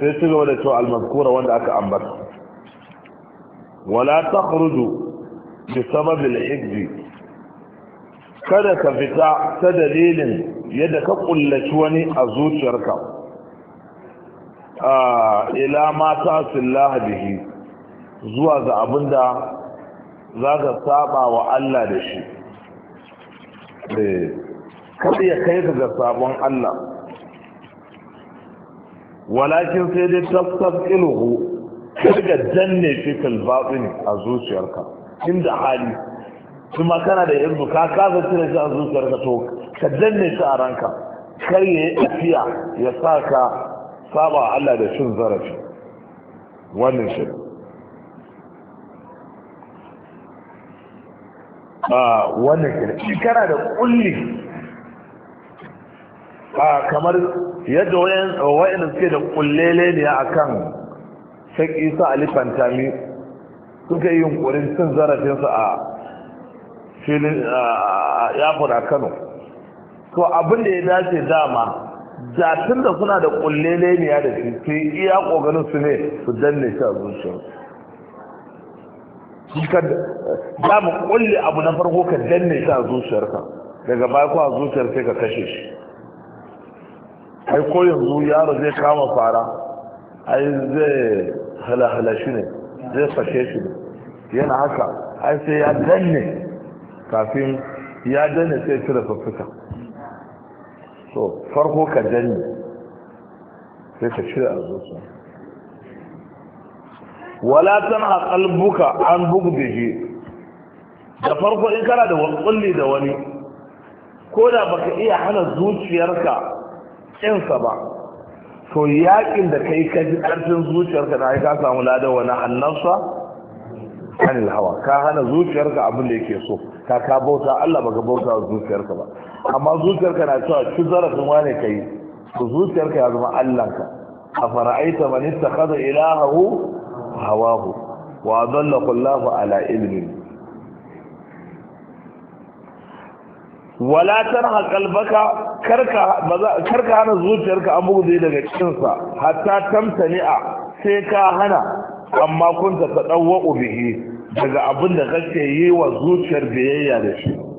sai su gaba da cewa almaskura wanda aka ambata wala ta khuruju bi sababil hijji kada ka fita ta dalilin yadda ka kullaci wani a zuciyarka ila mata sillaha bihi zuwa ga abinda za ka saba wa Allah da shi eh, kada ya kai ka ga sabon Allah walakin sai dai tafsar iluhu kirga danne fikil babin a zuciyarka inda hali kuma kana da yanzu ka kasa cire shi a zuciyarka to ka danne shi a ranka kar ya yi tafiya ya sa ka saba Allah da cin zarafi wannan shi a ah, wannan shi kana da kulli a ah, kamar yadda wayan suke da kullele ne kan shaki sa alifantami suka yi yunkurin cin zarafinsu a filin yafura ah, kano to abin da ya dace dama jatin da suna da kullele ne ya da shi iya ƙoganin su ne su danne shi a zuciyar za mu kulle abu na farko ka danne shi a zuciyarka daga baku a zuciyar sai ka kashe shi ai ko yanzu yaro zai kama fara ai zai halahala shi ne zai fashe shi ne yana haka ai sai ya danne kafin ya danne sai cire faffuka so farko ka danne sai ka shirya a zuwa wala a kalbuka an da shi da farko in kana da kulli da wani ko da baka iya hana zuciyarka cinsa ba to yakin da kai yi ji karfin zuciyarka da ka samu ladan wani hannansa anil hawa ka hana zuciyarka abin da yake so ka ka bauta Allah baka bauta zuciyarka ba amma zuciyarka na cewa ci zarafin wane ka yi to zuciyarka ya zama allanka a fara'aita man ittakhadha ilahahu hawahu wa zalla kullahu ala ilmi wala tanha kalbaka karka karka hana zuciyarka an bugu daga cikin sa hatta tamtani'a sai ka hana amma kunta tadawwa bihi daga abin da kake yi wa zuciyar biyayya da shi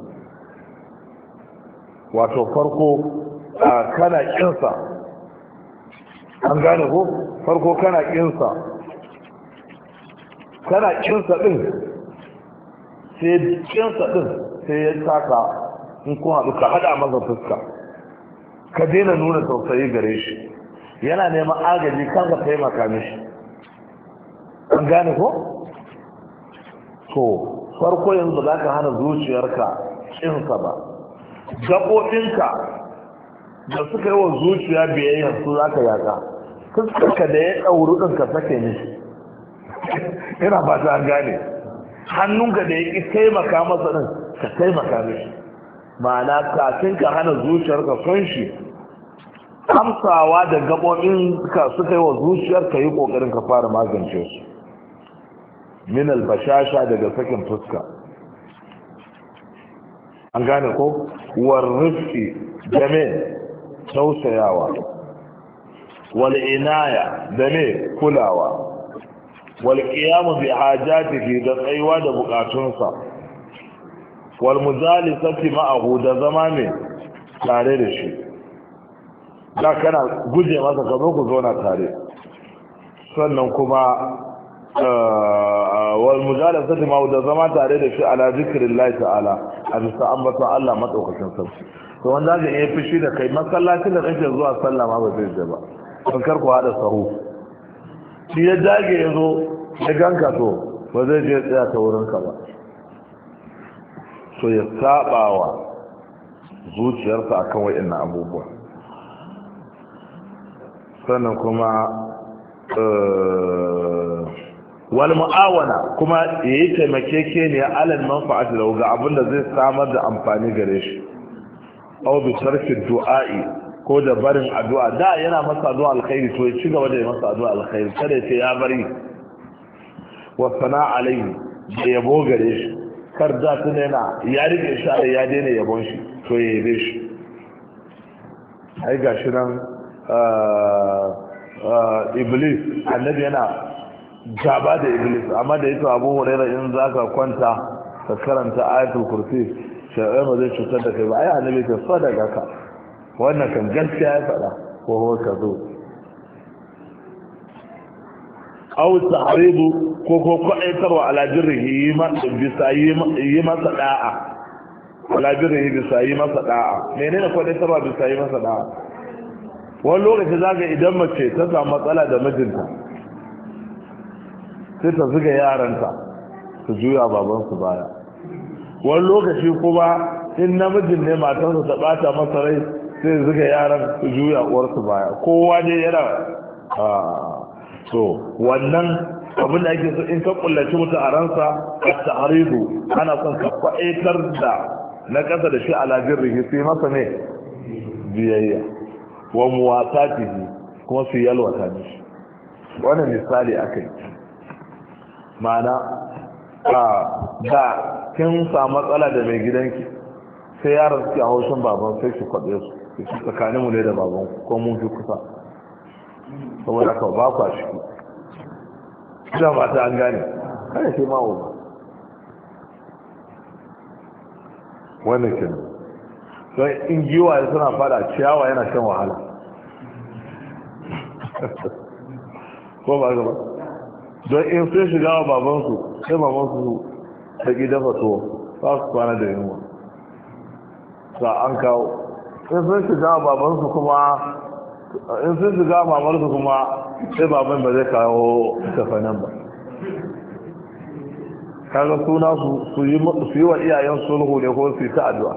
wato farko kana kinsa an gane ko farko kana kinsa kana kinsa din sai kinsa din sai ya saka in kuma haɗu ka haɗa maza fuska ka daina nuna tausayi gare shi yana neman agaji kan ka taimaka mishi an gane ko? to farko yanzu za ka hana zuciyarka kinsa ba gabobinka da suka yi wa zuciya biyayya su za ka yaka, fuskarka da ya ɗauru ɗin ka sake ne ina ba ta gane hannunka da ya ƙi taimaka masa ɗin ka taimaka ne ma'ana kafin ka hana zuciyarka son shi amsawa da gaɓoɓinka suka yi wa zuciyarka yi ƙoƙarin ka fara magance su min albashasha daga sakin fuska an gane ko warrufi game tausayawa wal inaya game kulawa wal qiyamu bi hajatihi da tsayuwa da bukatunsa wal mujalisati ma'ahu da zama ne tare da shi da kana guje masa ka zo ku zauna tare sannan kuma eh, wal mujalasa da da zama tare da shi ala zikirin ta'ala a bisa ambata Allah madaukakin sarki to wanda zai yi fushi da kai masallaci da kake zuwa sallah ma ba zai je ba kan kar ku hada sahu shi ya dage yazo zo ya ganka to ba zai je tsaya ta wurin ka ba so ya sabawa zuciyarsa akan wayannan abubuwa sannan kuma eh, wal mu'awana kuma yayi taimakekeniya alal manfa'ati lahu ga abun da zai samar da amfani gare shi aw bi du'a'i ko da barin addu'a da yana masa addu'a alkhairi to ya ci gaba da masa addu'a alkhairi kada ya ya bari wa sana'a alayhi da yabo gare shi kar da tuna yana ya rike shi ya daina yabon shi to ya yabe shi ai gashi nan ah, ah, iblis annabi yana gaba da iblis amma da yake abu huraira in zaka kwanta ka karanta ayatul kursi shaytan ba zai cutar da kai ba ai annabi ka sadaka ka wannan kan gaskiya ya fada ko huwa zo au tahribu ko ko tarwa ala jirhi yi bisa yi masa da'a ala jirhi bisa yi masa da'a menene kwaitarwa bisa yi masa da'a wani lokaci zaka idan mace ta samu matsala da mijinta sai ta zuga yaranta su juya babansu baya wani lokaci kuma in namijin ne matarsa ta bata masa rai sai zuga yaran su juya uwarsu baya kowa ne yana so wannan abin da ake so in ka kullaci mutu a ransa a taharidu ana son ka fa'itar da na ƙasa da shi alajin rihi sai masa ne biyayya wa muwata kuma su yalwata ne wannan misali akai ma'ana da kin samu matsala da mai gidanki sai yaran suke a haushin baban sai ki kwaɗe su ki su tsakanin mu ne da baban ko mun fi kusa saboda haka ba kwa ciki ina ba ta an gane kada sai ma wani ke kenan don in giwaye suna fada ciyawa yana shan wahala ko ba gaba don in sun shiga wa babansu sai babansu ta ƙi dafa tuwo za su kwana da yunwa sa an kawo in sun shiga wa babansu kuma in sun shiga wa babansu kuma sai baban ba zai kawo tafanin ba kaga suna su yi wa iyayen sulhu ne ko su yi ta addu'a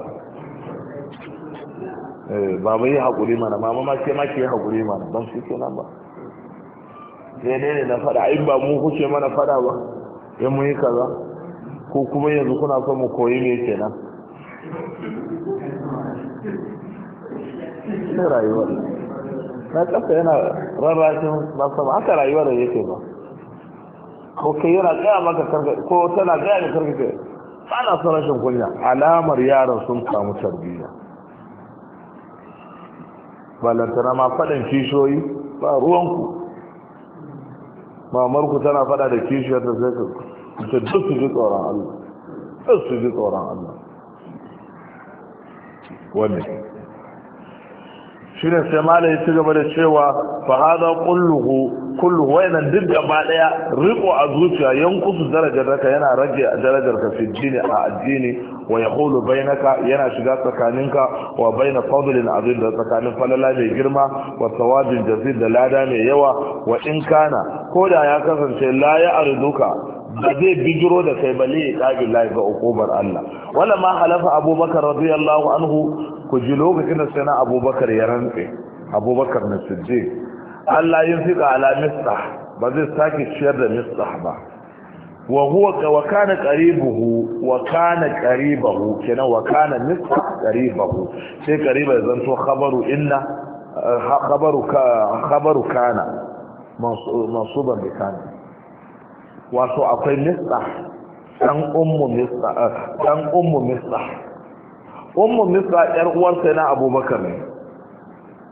eh, baba yi haƙuri mana mama ma ke ma ke yi haƙuri mana don su nan ba daidai ne na fada ai ba mu kuke mana fada ba in mun yi kaza ko kuma yanzu kuna son mu koyi ne kenan ina rayuwar na kafa yana rarrafin ba haka rayuwar da yake ba ko kai yana gaya maka karka ko tana gaya da karka ke ba na son rashin kunya alamar yaran sun samu tarbiyya lantana ma faɗin kishoyi ba ruwanku mamar ku tana fada da kishiyar ta sai ta duk su ji tsoron Allah duk su ji tsoron Allah wannan shi ne sai malai ya ci gaba da cewa fa hada kulluhu kulluhu wayanan duk gaba daya riko a zuciya darajar ka yana rage darajar ka dini a addini wa yahulu bainaka yana shiga tsakaninka wa baina fadlin azim da tsakanin falala mai girma wa thawabin jazil da lada mai yawa wa in kana ko da ya kasance la ya arduka ba zai bijiro da kai bale ya kage lahi ga ukubar Allah wala ma halafa abubakar radiyallahu anhu ku ji lokacin da sana abubakar ya rantse abubakar na sujje Allah yin fiƙa ala mislah ba zai sake ciyar da mislah ba wa huwa wa kana qaribuhu wa kana qaribahu kenan wa kana misla qaribahu sai qariba zanto khabaru inna khabaru ka khabaru kana mansuban bi kana wato akwai mista ɗan ummu mista ɗan eh, ummu mista ummu mista ƴar uwarsa na abubakar ne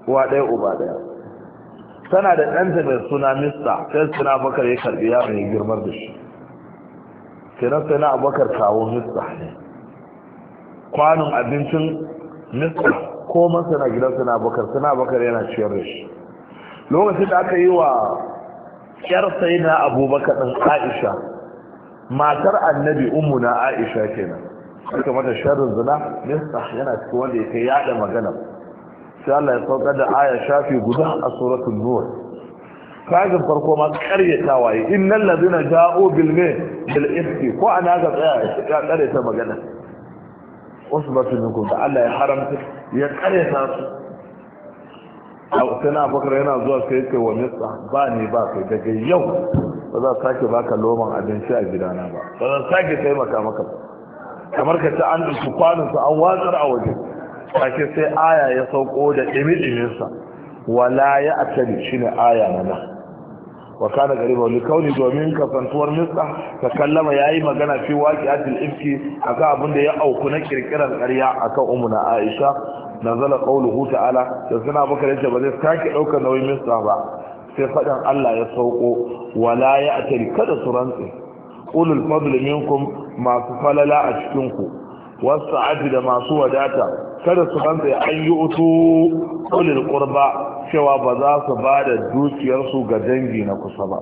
wa ɗaya uba ɗaya tana da ɗanta mai suna mista sai suna abubakar ya karɓi yaron ya girmar da shi na sai na abubakar kawo mista ne kwanon abincin mista ko masana gidan suna abubakar suna abubakar yana ciyar da shi lokacin da aka yi wa yar na abubakar din aisha matar annabi ummuna aisha kenan suka mata sharrin zina mistah yana cikin wanda ya kai yada magana sai Allah ya sauka da aya shafi guda a suratul nur kajin farko ma karyata waye innal ladina ja'u bil bilme, bil ifki ko ana ga tsaya ya karyata magana Wasu usbatun minkum da Allah ya haramta ya karyata su sai na bakar yana zuwa sai kai wa mitsa ba ne ba kai daga yau ba za sake baka loman abinci a gidana ba ba za sake taimaka maka ba kamar ka ci an ɗauki an watsar a waje sake sai aya ya sauko da ɗimi-ɗiminsa wala ya atari shine aya na nan wa kana gariba li kauni domin kasantuwar mista ta kallama yayi magana fi waqi'atil ifki akan abin da ya auku na kirkirar ƙarya akan umuna Aisha nazala qawluhu ta'ala da suna baka yace ba zai sake ɗaukar nauyin misa ba sai faɗin Allah ya sauko wala ya ya'til kada su rantsi ulul fadli minkum masu falala a cikin ku wasu aji da masu wadata kada su kansa an yi utu ulil qurba cewa ba za su ba da dukiyarsu ga dangi na kusa ba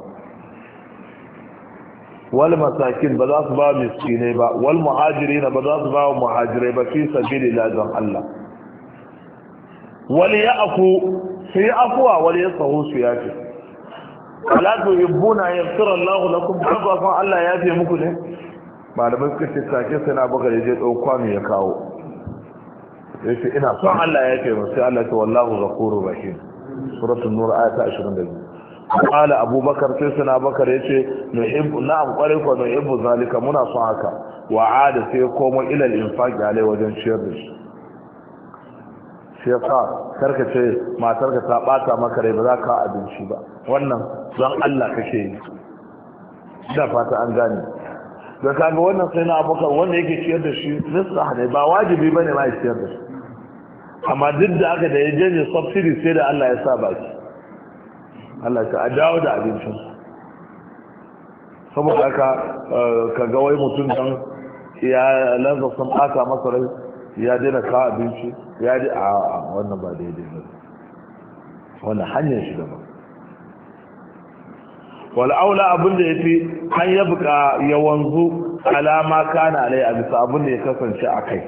wal masakin ba za su ba miskinai ba wal muhajirina ba za su ba wa muhajirai ba fi sabilillah don Allah ya ya'fu sai afwa ya sahu su ya yafi ala tuhibbuna yaghfira Allahu lakum kafa Allah ya fi muku ne malamin suka take sai na bakar je dau kwano ya kawo ya ce ina son Allah ya ce Sai Allah ta wallahu zakuru rahim suratun nur aya ta 22 qala abubakar sai sana bakar yace nuhibbu na'am qare ko nuhibbu zalika muna son haka wa ada sai komo ilal al-infaq alai wajen ciyar da shi shi yasa karka ce matar ka ta bata maka rai ba za ka abinci ba wannan don Allah kake yi da fata an gane da kaga wannan sai na abokan wanda yake ciyar da shi nisra ne ba wajibi ba ne ma ya ciyar da shi amma duk da aka da ya janye subsidy sai da Allah ya sa baki Allah ka dawo da abincin saboda aka eh, ka ga wai mutum dan ya lanza sun aka masa rai ya daina kawo abinci ya di a wannan ba daidai ba wannan hanyar shi ba. wal'aula abin da ya fi an ya buƙa ya wanzu alama kana alai a bisa abin da ya kasance a kai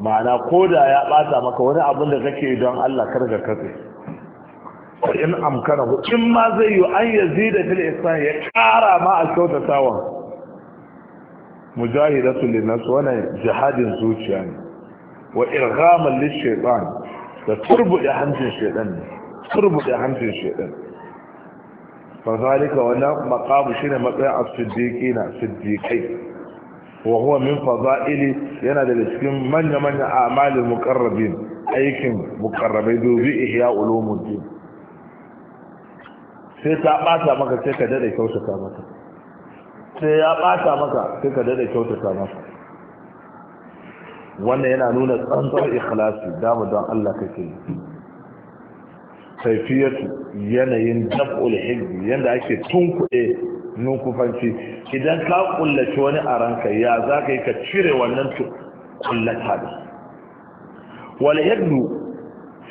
ma'ana ko da ya ɓata maka wani abin da kake don allah karga katse in amkana in ma zai yi an ya da fil ihsan ya ƙara ma a tawon. mujahidatu linnas wannan jihadin zuciya ne wa irghaman lishaytan da turbuɗe hancin shaytan ne turbuɗe hancin shaytan fa zalika wannan maqamu shine matsayin as na siddiqai wa huwa min fadaili yana da cikin manya manya a'malul muqarrabin aikin muqarrabai dubi ihya ulumuddin sai ta bata maka sai ka dade kyautata maka sai ya bata maka sai ka dade kyautata maka wannan yana nuna tsantsar ikhlasi damu don Allah kake yi kaifiyatu yanayin dab'ul hizbi yanda ake tunkuɗe nukufanci idan ka kullaci wani a ranka ya za ka yi ka cire wannan kullata da Wani yadda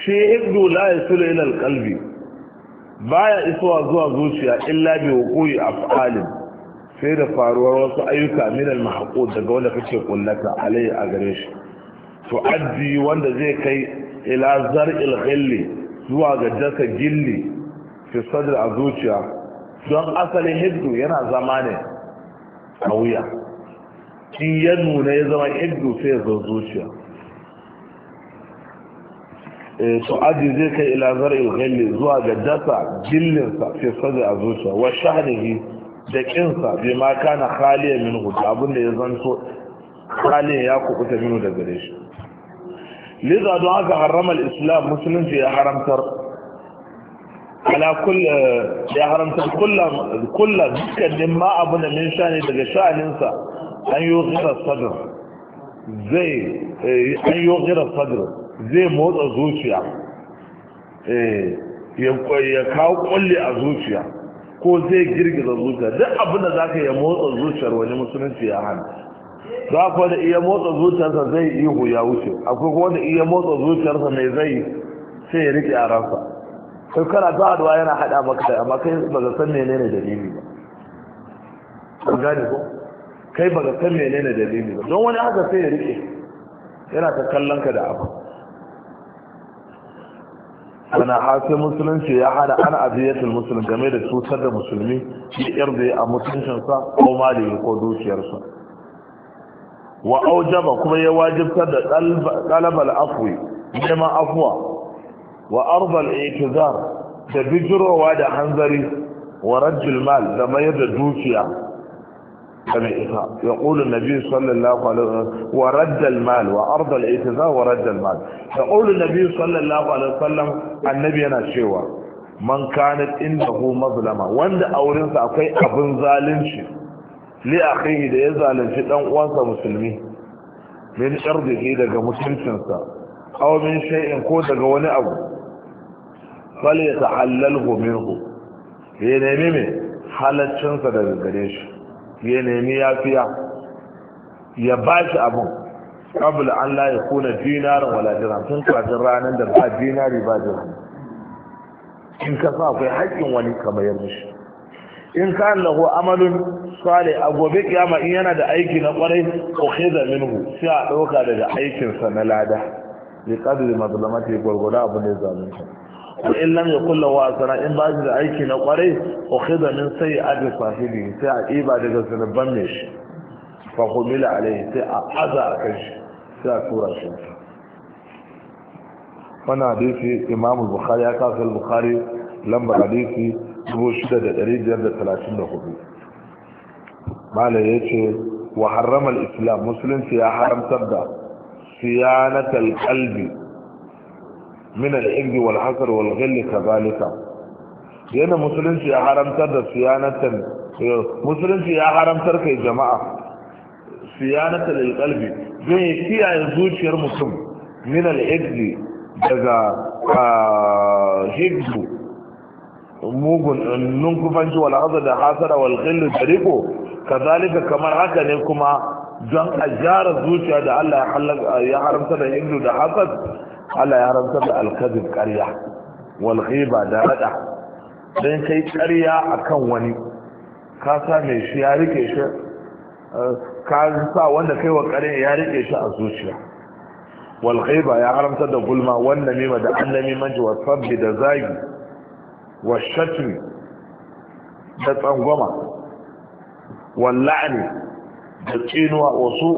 shi yadda la ya sula ila alƙalbi ba ya isowa zuwa zuciya illa bi hukuri a fa'alin sai da faruwar wasu ayyuka minal mahaƙo daga wanda kake kullata alai a gare shi to addi wanda zai kai ila zar'il ghilli zuwa ga dasa gilli fi sadar a zuciya don asalin hindu yana zama ne a wuya in ya nuna ya zama hindu sai ya zuciya zuciya eh, to aji zai kai ila zar'il ghalli zuwa ga dasa gillinsa fi sadr a zuciya wa shahadihi da kinsa bai ma kana khaliya min hudu abinda ya zanto khaliya ya kukuta minu da gare shi liza don haka haramar islam musulunci ya haramtar kulla ya haramtar kulla dukkanin ma abu da min shani daga sha'aninsa an yi gira sadar zai an yi gira sadar zai motsa zuciya ya kawo kulli a zuciya ko zai girgiza zuciya duk abin da za ka yi motsa zuciyar wani musulunci ya hana za ku da iya motsa zuciyarsa zai ihu ya wuce akwai kuma da iya motsa zuciyarsa mai zai sai ya rike a ransa sai kana ta addu'a yana hada maka da amma kai ba ga san menene dalili ba kun gane ko kai ba ga san menene dalili ba don wani haka sai ya rike yana ta kallon ka da abu ana hasi musulunci ya hana ana aziyatul musulun game da cutar da musulmi shi irde a mutuncinsa ko mali ko zuciyarsa. wa aujaba kuma ya wajibtar da qalbal afwi neman afuwa wa ardal i'tizar da bijirowa da hanzari wa rajul mal da mayar da dukiya kame ita ya ƙulu nabi sallallahu alaihi wa raddal mal wa ardal i'tizar wa raddal mal ya ƙulu nabi sallallahu alaihi wasallam annabi yana cewa man kanat indahu mazlama wanda aurinsa akwai abin zalunci li akhihi da ya zalunci dan uwansa musulmi min irdihi daga mutuncinsa aw min shay'in ko daga wani abu fal yatahallalhu minhu ya nemi me halaccinsa daga gare shi ya nemi yafiya ya shi abun qabla an la yakuna dinar wala dirham tun kafin ranar da ba dinari ba dirham in ka sa akwai haƙƙin wani ka bayar mishi in ka lahu amalun Sale a gobe kiyama in yana da aiki na kwarai khiza minhu sai a dauka daga aikin sa na lada li qadri mazlamati gurgurda abu ne zalunta ko in lam yakul lahu asara in ba shi da aiki na kwarai khiza min sayyi'ati sahibi sai a iba daga zunuban ne shi fa humila alaihi sai a aza kan shi sai a tura shi wannan hadisi imamu bukhari ya kasa bukhari lambar hadisi 6534 malam ya ce wa harramal islam musulunci ya haramtar da siyanatar kalbi min al-irgi wal hasar yana musulunci ya haramtar da siyanatar musulunci ya haramtar kai jama'a siyanatal kalbi zai kiyaye zuciyar mutum min al daga hibbu mugun nunkufanci wal hasar da hasara wal ghilli da riko kazalika kamar haka ne kuma don a gyara zuciya da Allah ya haramta da hindu da hasad Allah ya haramta da alkazin karya, wal ghiba da rada Don kai karya akan wani ka sa mai shi ya rike shi eh, ka sa wanda kai wa ƙarya ya rike shi a zuciya wal ghiba ya haramta da gulma wannan mima da an annami manji wa sabbi da zagi wa shatmi da tsangwama walla'ani da tsinuwa wasu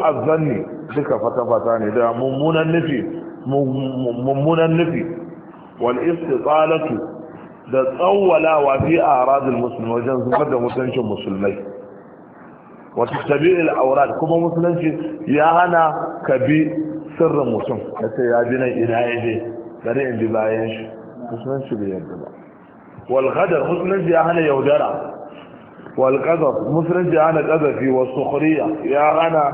uzanni duka fata-fata ne da mummunan nufi mummunan nufi wal istitsalatu da tsawwalawa fi aradul musulmi wajen zubar da mutuncin musulmai wata tabi'il aurat kuma musulunci ya hana ka bi sirrin mutum ya ce ya bi nan ina ya je bari in bi bayan shi musulunci bai yarda ba والغدر مسلم يا هنا يودرا والقذف مسلم يا هنا قذفي والسخرية يا هنا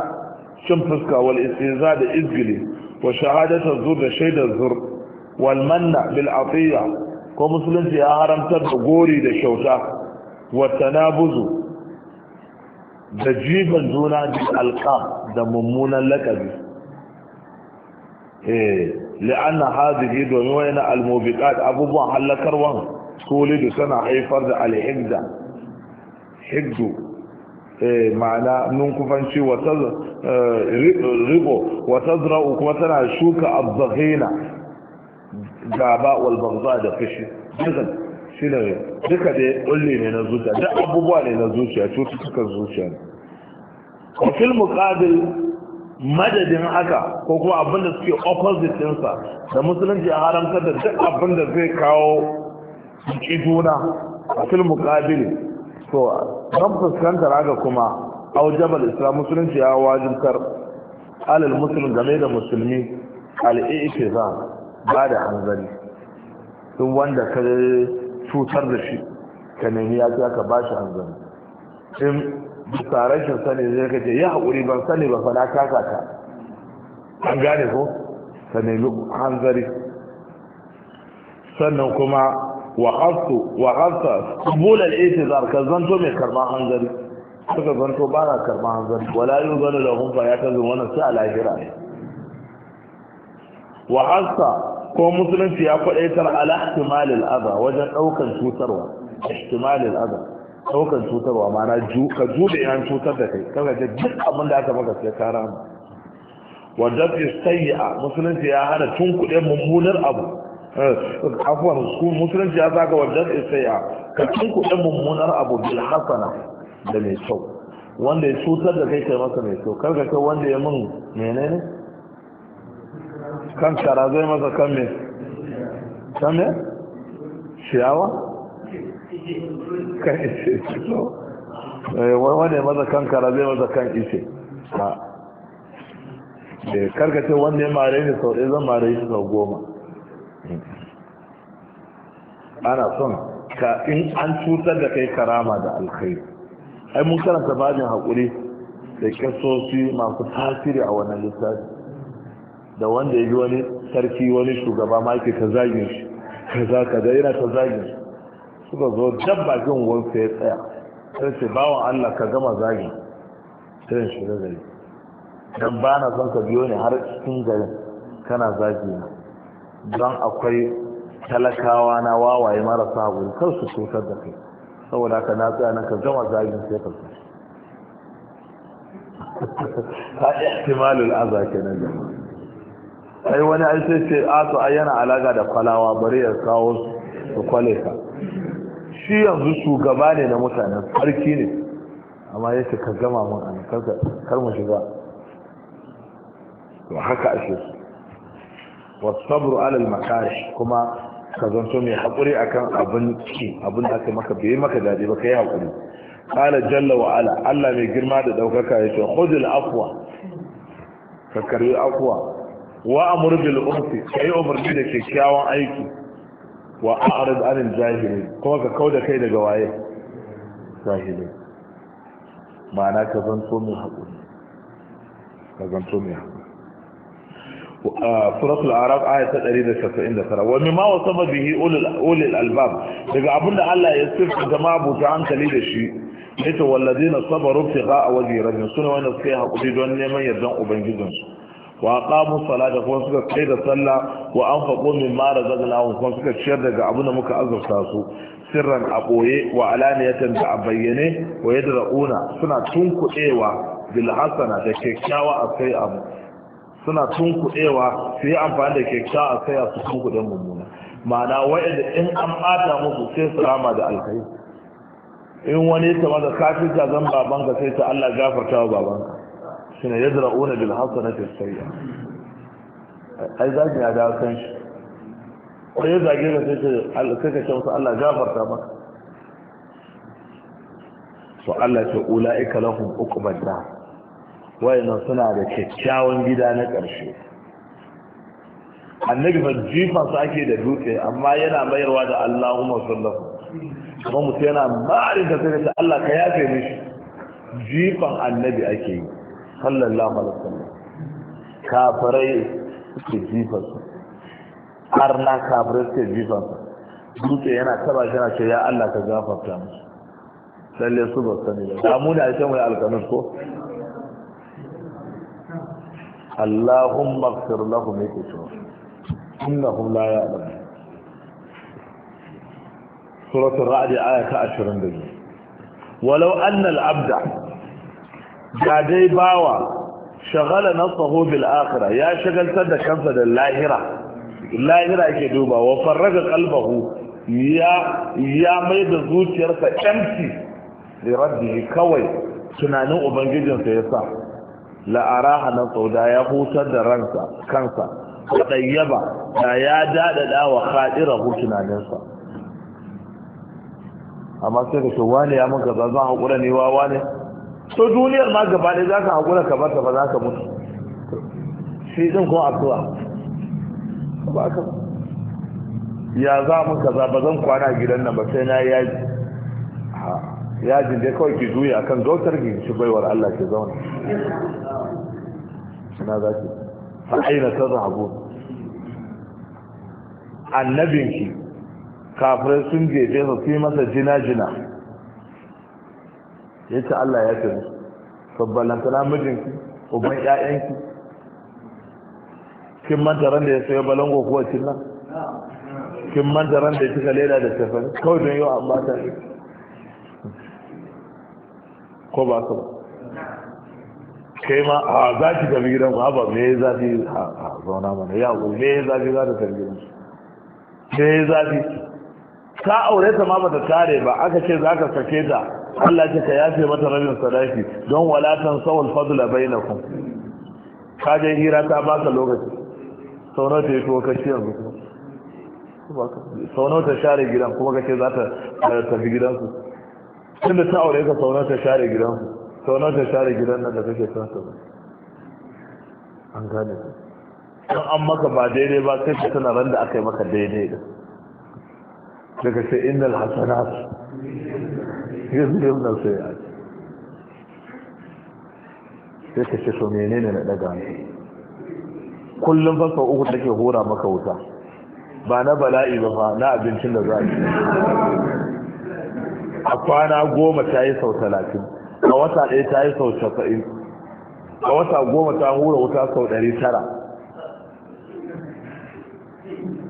شمفسكا والاستهزاء إزجلي وشهادة الزور الشيد الزور والمنع بالعطية ومسلم يا هرم تبغوري للشوشة والتنابز دجيبا زونا بالألقاب دممونا لكبي إيه لأن هذه دومينا الموبقات أبو بحلكر وانه solidu tana haifar da alhidda hiddu ma'ana nunkufanci wata ribo wata zira'u kuma tana shuka abzahina gaba walbanza da fashi jizan shi ne duka da kulle ne na zuciya duk abubuwa ne na zuciya cututtukan zuciya ne wakil muqabil madadin haka ko kuma abinda suke opposite ɗinsa da musulunci a haramtar da duk abinda zai kawo su ƙi juna a fil muƙabili to don fuskantar raga kuma aujabal islam musulunci ya wajibtar alal musulun game da musulmi al'i'ife za ba da hanzari duk wanda ka cutar da shi ka nemi ya aka ba shi hanzari in bisa rashin sani zai ka ce ya haƙuri ban sani ba fa na kaka ka an gane ko ka nemi hanzari sannan kuma wa hasu wa hasa qubul al-i'tizar ka zanto mai karban hanzari suka zanto ba na karban hanzari wala yuzanu lahum fa yatazu wa nasu al-akhirah ne. hasa ko musulunci ya kwadaitar ala ihtimal al-adha wajen ɗaukan cutarwa ihtimal al-adha daukan cutarwa mana ka jude yan cutar da kai kaga duk abin da aka maka sai ka rama wa dafi sayyi'a musulunci ya hana tun tunkuɗe mummunar abu afuwan musulunci ya zaga wajen isaiya ka kuɗin mummunar abu bil hasana da mai kyau wanda ya cutar da kai kai masa mai kyau karka kai wanda ya min menene kan kara zai masa kan me kan me ciyawa kan ishe eh, wanda ya masa kan kara zai masa kan ishe ah. eh, karka ce wanda ya mare ni sau ɗaya zan mare shi sau goma ana son ka in an cutar da kai karama da alkhairi ai mun karanta bajin haƙuri da kyasosi masu tasiri a wannan littafi da wanda ya ji wani sarki wani shugaba ma yake ta zagin shi kaza da yana ta zagin shi suka zo dabba jin wansa ya tsaya sai ce bawan Allah ka gama zagin sai shi da gari dan ba na son ka biyo ne har cikin garin kana zagi na don akwai talakawa na wawaye marasa wuri, kar su cutar da kai saboda ka na tsaya na ka gama zagin sai ka tsaye yi ihtimalul aza kenan da ai wani ai sai ce a ah, to ai yana alaka da kwalawa bari ya kawo su kwale ka shi yanzu shugaba ne na mutanen sarki ne amma yace ka gama mun an kar mu shiga to haka ashe su wasabru alal makarish kuma ka zanto mai haƙuri akan abin ki abin da aka maka bai maka dadi ba kai haƙuri qala jalla wa ala Allah mai girma da daukaka yace khudil afwa ka karbi afwa wa amur bil urfi kai umarni da kyakkyawan aiki wa a'rid anil jahili kuma ka kauda kai daga waye jahili ma'ana ka zanto mai haƙuri ka zanto mai haƙuri suratul arab aya ta da wa mimma wasama bihi ulul albab daga da Allah ya sirta da mabuta hankali da shi yace walladina sabaru tiqa waji rabbin sunu suka yi hakuri don neman yardan ubangijin su wa aqamu salata kuma suka kai da sallah wa anfaqu mimma razaqnahum kuma suka ciyar daga da muka azurta su sirran a ɓoye wa alaniyatan da a bayyane wa yadra'una suna tunkuɗewa bil hasana da kyakkyawa a kai abu suna tunkuɗewa su yi amfani da kyakkya a saya su tunkuɗe mummuna ma'ana wa'ida in an ɓata musu sai su rama da alkai in wani ta maza kafi ta zan babanka sai ta Allah gafarta wa babanka shine yadra'una bil hasanati sayya ai zaki ya dawo kan shi ko ya zage ka sai ta Allah sai ka kyau su Allah gafarta maka to Allah ta ula'ika lahum uku dar wayannan suna da kyakkyawan gida na ƙarshe annabi ba jifan su ake da dutse amma yana mayarwa da Allahumma sallahu kuma mutum yana ma'arin da sai da Allah ka yafe mishi jifan annabi ake yi sallallahu alaihi wasallam kafirai suke jifan su har na kafirai suke jifan su dutse yana taba shi yana ce ya Allah ka gafarta musu lalle su ba sani ba da mu da ake mai alkanus ko Allahumma ighfir lahum yake cewa innahum la ya'lamun suratul ra'd 22 walau anna abda ga bawa shagala nafsahu bil akhirah ya shagaltar da kansa da lahira lahira yake duba wa farraga qalbahu ya ya mai da zuciyarsa empty da kawai tunanin ubangijinsa yasa la'araha na sauda ya hutar da ransa kansa ɗayyaba da ya daɗaɗa wa haɗira hutunaninsa amma sai da ce wane ya maka zazan haƙura ne wawa ne to duniyar ma gaba ɗaya za ka haƙura kamar ta ba za ka mutu shi ɗin kuma abuwa ba ka ya za mu kaza ba zan kwana gidan nan ba sai na yaji yajin dai kawai ki juya akan gautar ki shi baiwar Allah ke zauna ina za ki fa aina ta annabin annabinki kafirai sun jeje su fi masa jina jina yace Allah ya tsare sabbalanta na mijinki uban ƴaƴanki kin manta ran da ya sayo balango kuwa kin nan kin manta ran da ya cika leda da tafani kawai don yau amma ta ko ba ka ba kai ma a za ki tafi gidan ku haba me zafi a zauna mana ya ku me zafi za ta tafi gidan ku me zafi ka aure ta ma ba ta tare ba aka ce za ka sake ta Allah ce ka yafe mata rabin sadaki don walatan sawal fadla bainakum ka je hira ta ba ka lokaci sau ta yi tuwo kashi yanzu sau nawa ta share gidan kuma ka ce za ta tafi ku tunda ta aure ka sau ta share gidan ku. sau na ta share gidan nan da kake son ta ba an gane ku don an maka ba daidai ba sai ka tana ran da aka yi maka daidai da daga sai innal hasanat yuzhibna sayiat sai ka ce so menene na daga kullum fa uku take hora maka wuta ba na bala'i ba fa na abincin da za a ci a kwana goma ta yi sau talatin a wata ɗaya ta yi sau casa'in a wata goma ta hura wuta sau ɗari tara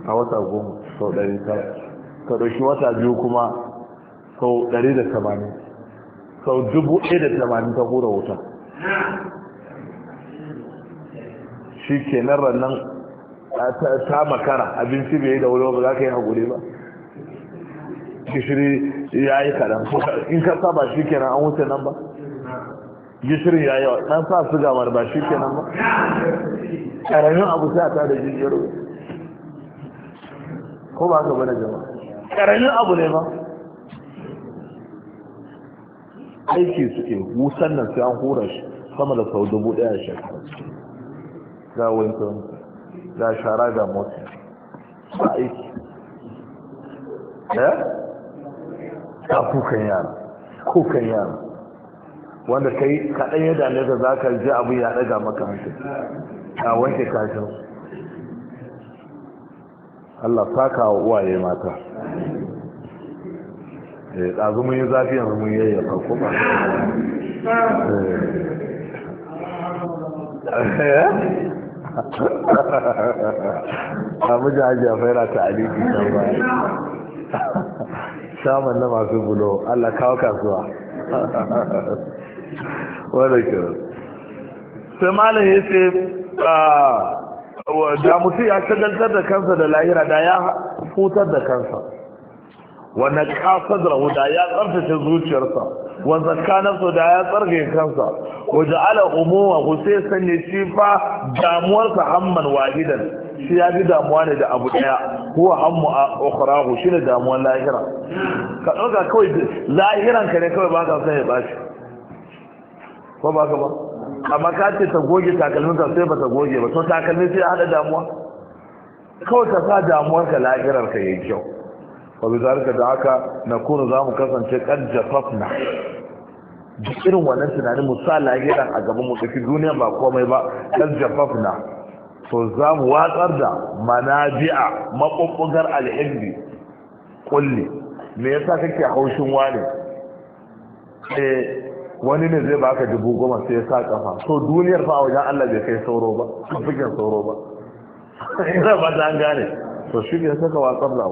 a wata goma sau ɗari tara ka ɗauki wata biyu kuma sau ɗari da tamanin sau dubu ɗaya da tamanin ta hura wuta shi ke nan rannan ta makara abinci bai yi da wuri ba za ka yi haƙuri ba gishiri ya yi kaɗan in ka sa ba shi kenan an wuce nan ba gishirin ya yawa ɗan sa su gamar ba shi kenan ba ƙaramin abu sai a tada jijiyar ko ba ka bane jama ƙaramin abu ne ba aiki suke wusan nan sai an hura shi sama da sau dubu ɗaya shekara ga wankan ga shara ga motsi ba aiki eh? ta kukan yara kukan yara wanda kai kaɗan yadda ne da za ka ji abu ya ɗaga maka hankali a wanke kashin Allah saka wa uwaye mata eh, ɗazu mun yi zafi yanzu mun yi yayyafa ba a mijin hajji a faira ta aliki can shaman na masu bulo Allah kawo kasuwa wadda ke sai malam ya ce ah, da mutu ya shagaltar da kansa da lahira da ya hutar da kansa wanda kasadar da ya tsartace zuciyarsa wanda kanarsa da ya tsarge kansa wajen ala umuwa ku sai sanya shi fa damuwarsa hamman wahidan shi ya ji damuwa ne da abu daya huwa hammu Okurahu shi ne damuwan lahira ka ɗauka kawai lahiran ka ne kawai ba ka san ya bashi ko ba ka ba amma ka ce ta goge takalmin ka sai ba ta goge ba to takalmin sai hada damuwa kawai ka sa damuwar ka lahirar ka yayi kyau wa bi zalika da haka za zamu kasance kan jafafna duk irin wannan tunanin musa lahiran a gaban mu duniya ba komai ba kan jafafna to za mu watsar da manabi'a maɓuɓɓugar al'indi kulle me yasa kake haushin wani eh, wani ne zai baka dubu goma sai ya sa kafa to duniyar fa a wajen Allah bai kai sauro ba fikin sauro ba ina ba ta gane to shi ne saka wa kabla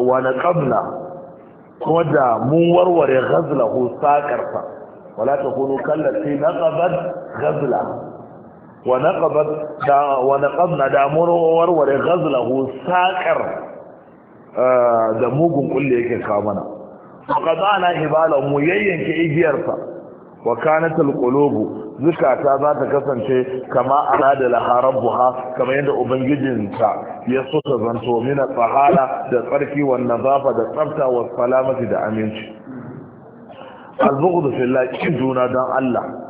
wani kabla kuma da mun warware gazla ko sakarsa wala ta kunu kallon sai na gazla wa naqabat da wa naqabna da eh, da mugun kulle yake kawo mana qadana hibalan mu yayyanke igiyarsa wa kanat Qulubu, zukata za ta kasance kama ana da laharabbuha kama yadda ubangijinta ya so ta zanto mina tsahala da tsarki wa nazafa da tsafta wa salamati da aminci al-bughd kin juna dan Allah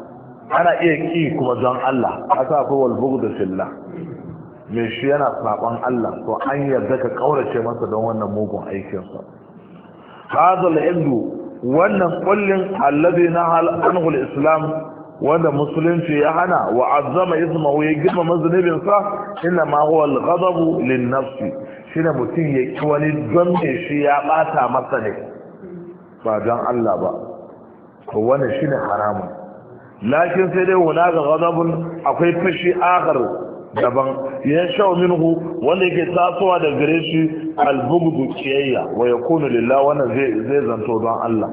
ana iya ki kuma don Allah asa fa wal bughd fillah me shi yana saban Allah to an yarda ka kaurace masa don wannan mugun aikinsa. sa hadal wannan kullin alladhi na anhu islam wanda musulunci ya hana wa azzama ismahu ya girma mazunubin sa inna ma huwa al lin-nafsi shine mutum ya ki wani don me shi ya bata masa ne ba don Allah ba to wannan shine haramun lakin sai dai wuna ga ghadabun akwai fashi akhar daban ya shau minhu wanda yake tasowa da gare shi albugdu kiyayya wa yakunu lillah wannan zai zai zanto don Allah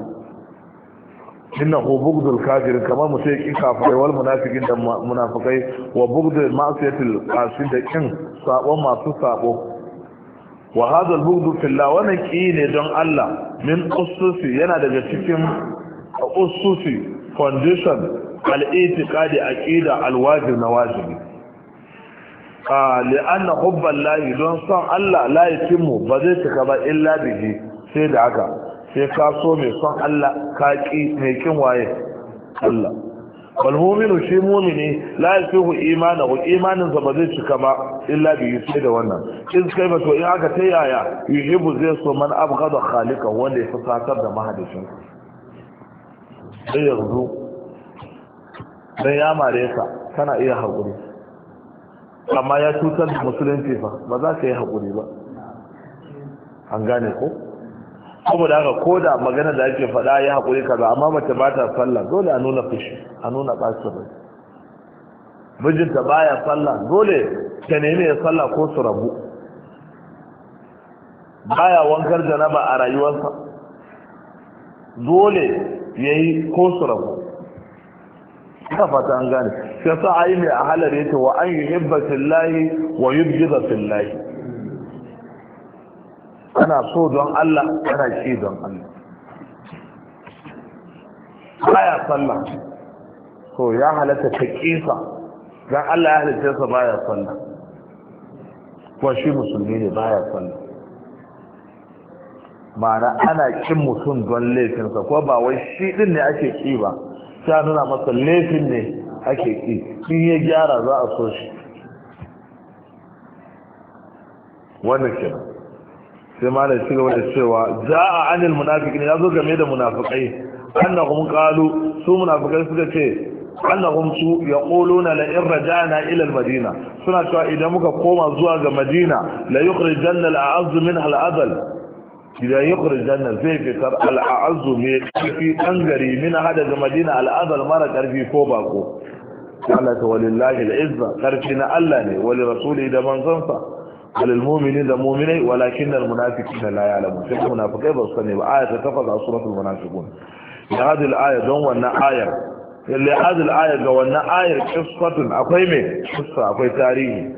innahu bugdul kafir kamar mutum yake kafirai wal munafiqin da munafiqai wa bugdul ma'siyatil qasid da kin sabon masu sabo wa hadha al-bughd fillah wa ne don Allah min ususi yana daga cikin ususi foundation al'itiqadi aqida alwajib na wajibi ah, ka na hubban layi don son Allah la yatimmu ba zai cika ba illa bihi sai da haka sai ka so mai son Allah ka mai kin waye Allah wal mu'minu shi mu'mini la yatimmu imanahu imanin sa ba zai cika ba illa bihi sai da wannan in kai ba to in aka tayaya yuhibbu zai so man abghada khaliqa wanda ya fasatar da mahadicin sai don ya mare tana kana iya haƙuri amma ya cutar da musulunci fa ba za ka yi haƙuri ba an gane ko kuma da aka koda magana da ake faɗa ya haƙuri kaza amma mace ba ta sallah dole a nuna fushi a nuna ɓacin rai mijinta baya sallah dole ta nemi ya sallah ko su rabu baya wankar janaba a rayuwarsa dole ya yi ko su rabu ina an gane shi yasa ayi mai ahalar yace wa an yuhibba layi wa yubghidha layi ana so don Allah ana ki don Allah baya sallah so ya halatta ta kisa don Allah ya halatta sa baya sallah kuma shi musulmi ne baya sallah ma'ana ana kin mutum don laifinsa ko ba wai shi din ne ake ki ba ta nuna masa laifin ne ake ƙi in ya gyara za a so shi wannan kenan sai ma da shiga wadda cewa za a anil ne ya zo game da munafiqai annahum kalu su munafikai suka ce annahum su yaquluna na la'in rajana ila al madina suna cewa idan muka koma zuwa ga madina la yi al a'azz minha al idan ya kurjanna zai fitar al'azu mai kifi ɗan gari min hada da madina al'adar mara ƙarfi ko bako Allah ta walillahi da izza ƙarfi na Allah ne wali rasuli da manzansa walil mumini da muminai walakin da munafiki da la ya'lamu sai munafikai ba su sani ba aya ta takwas a suratul munafiqun ya hadil aya don wannan ayar lalle hadil aya ga wannan ayar qissatun akwai me qissa akwai tarihi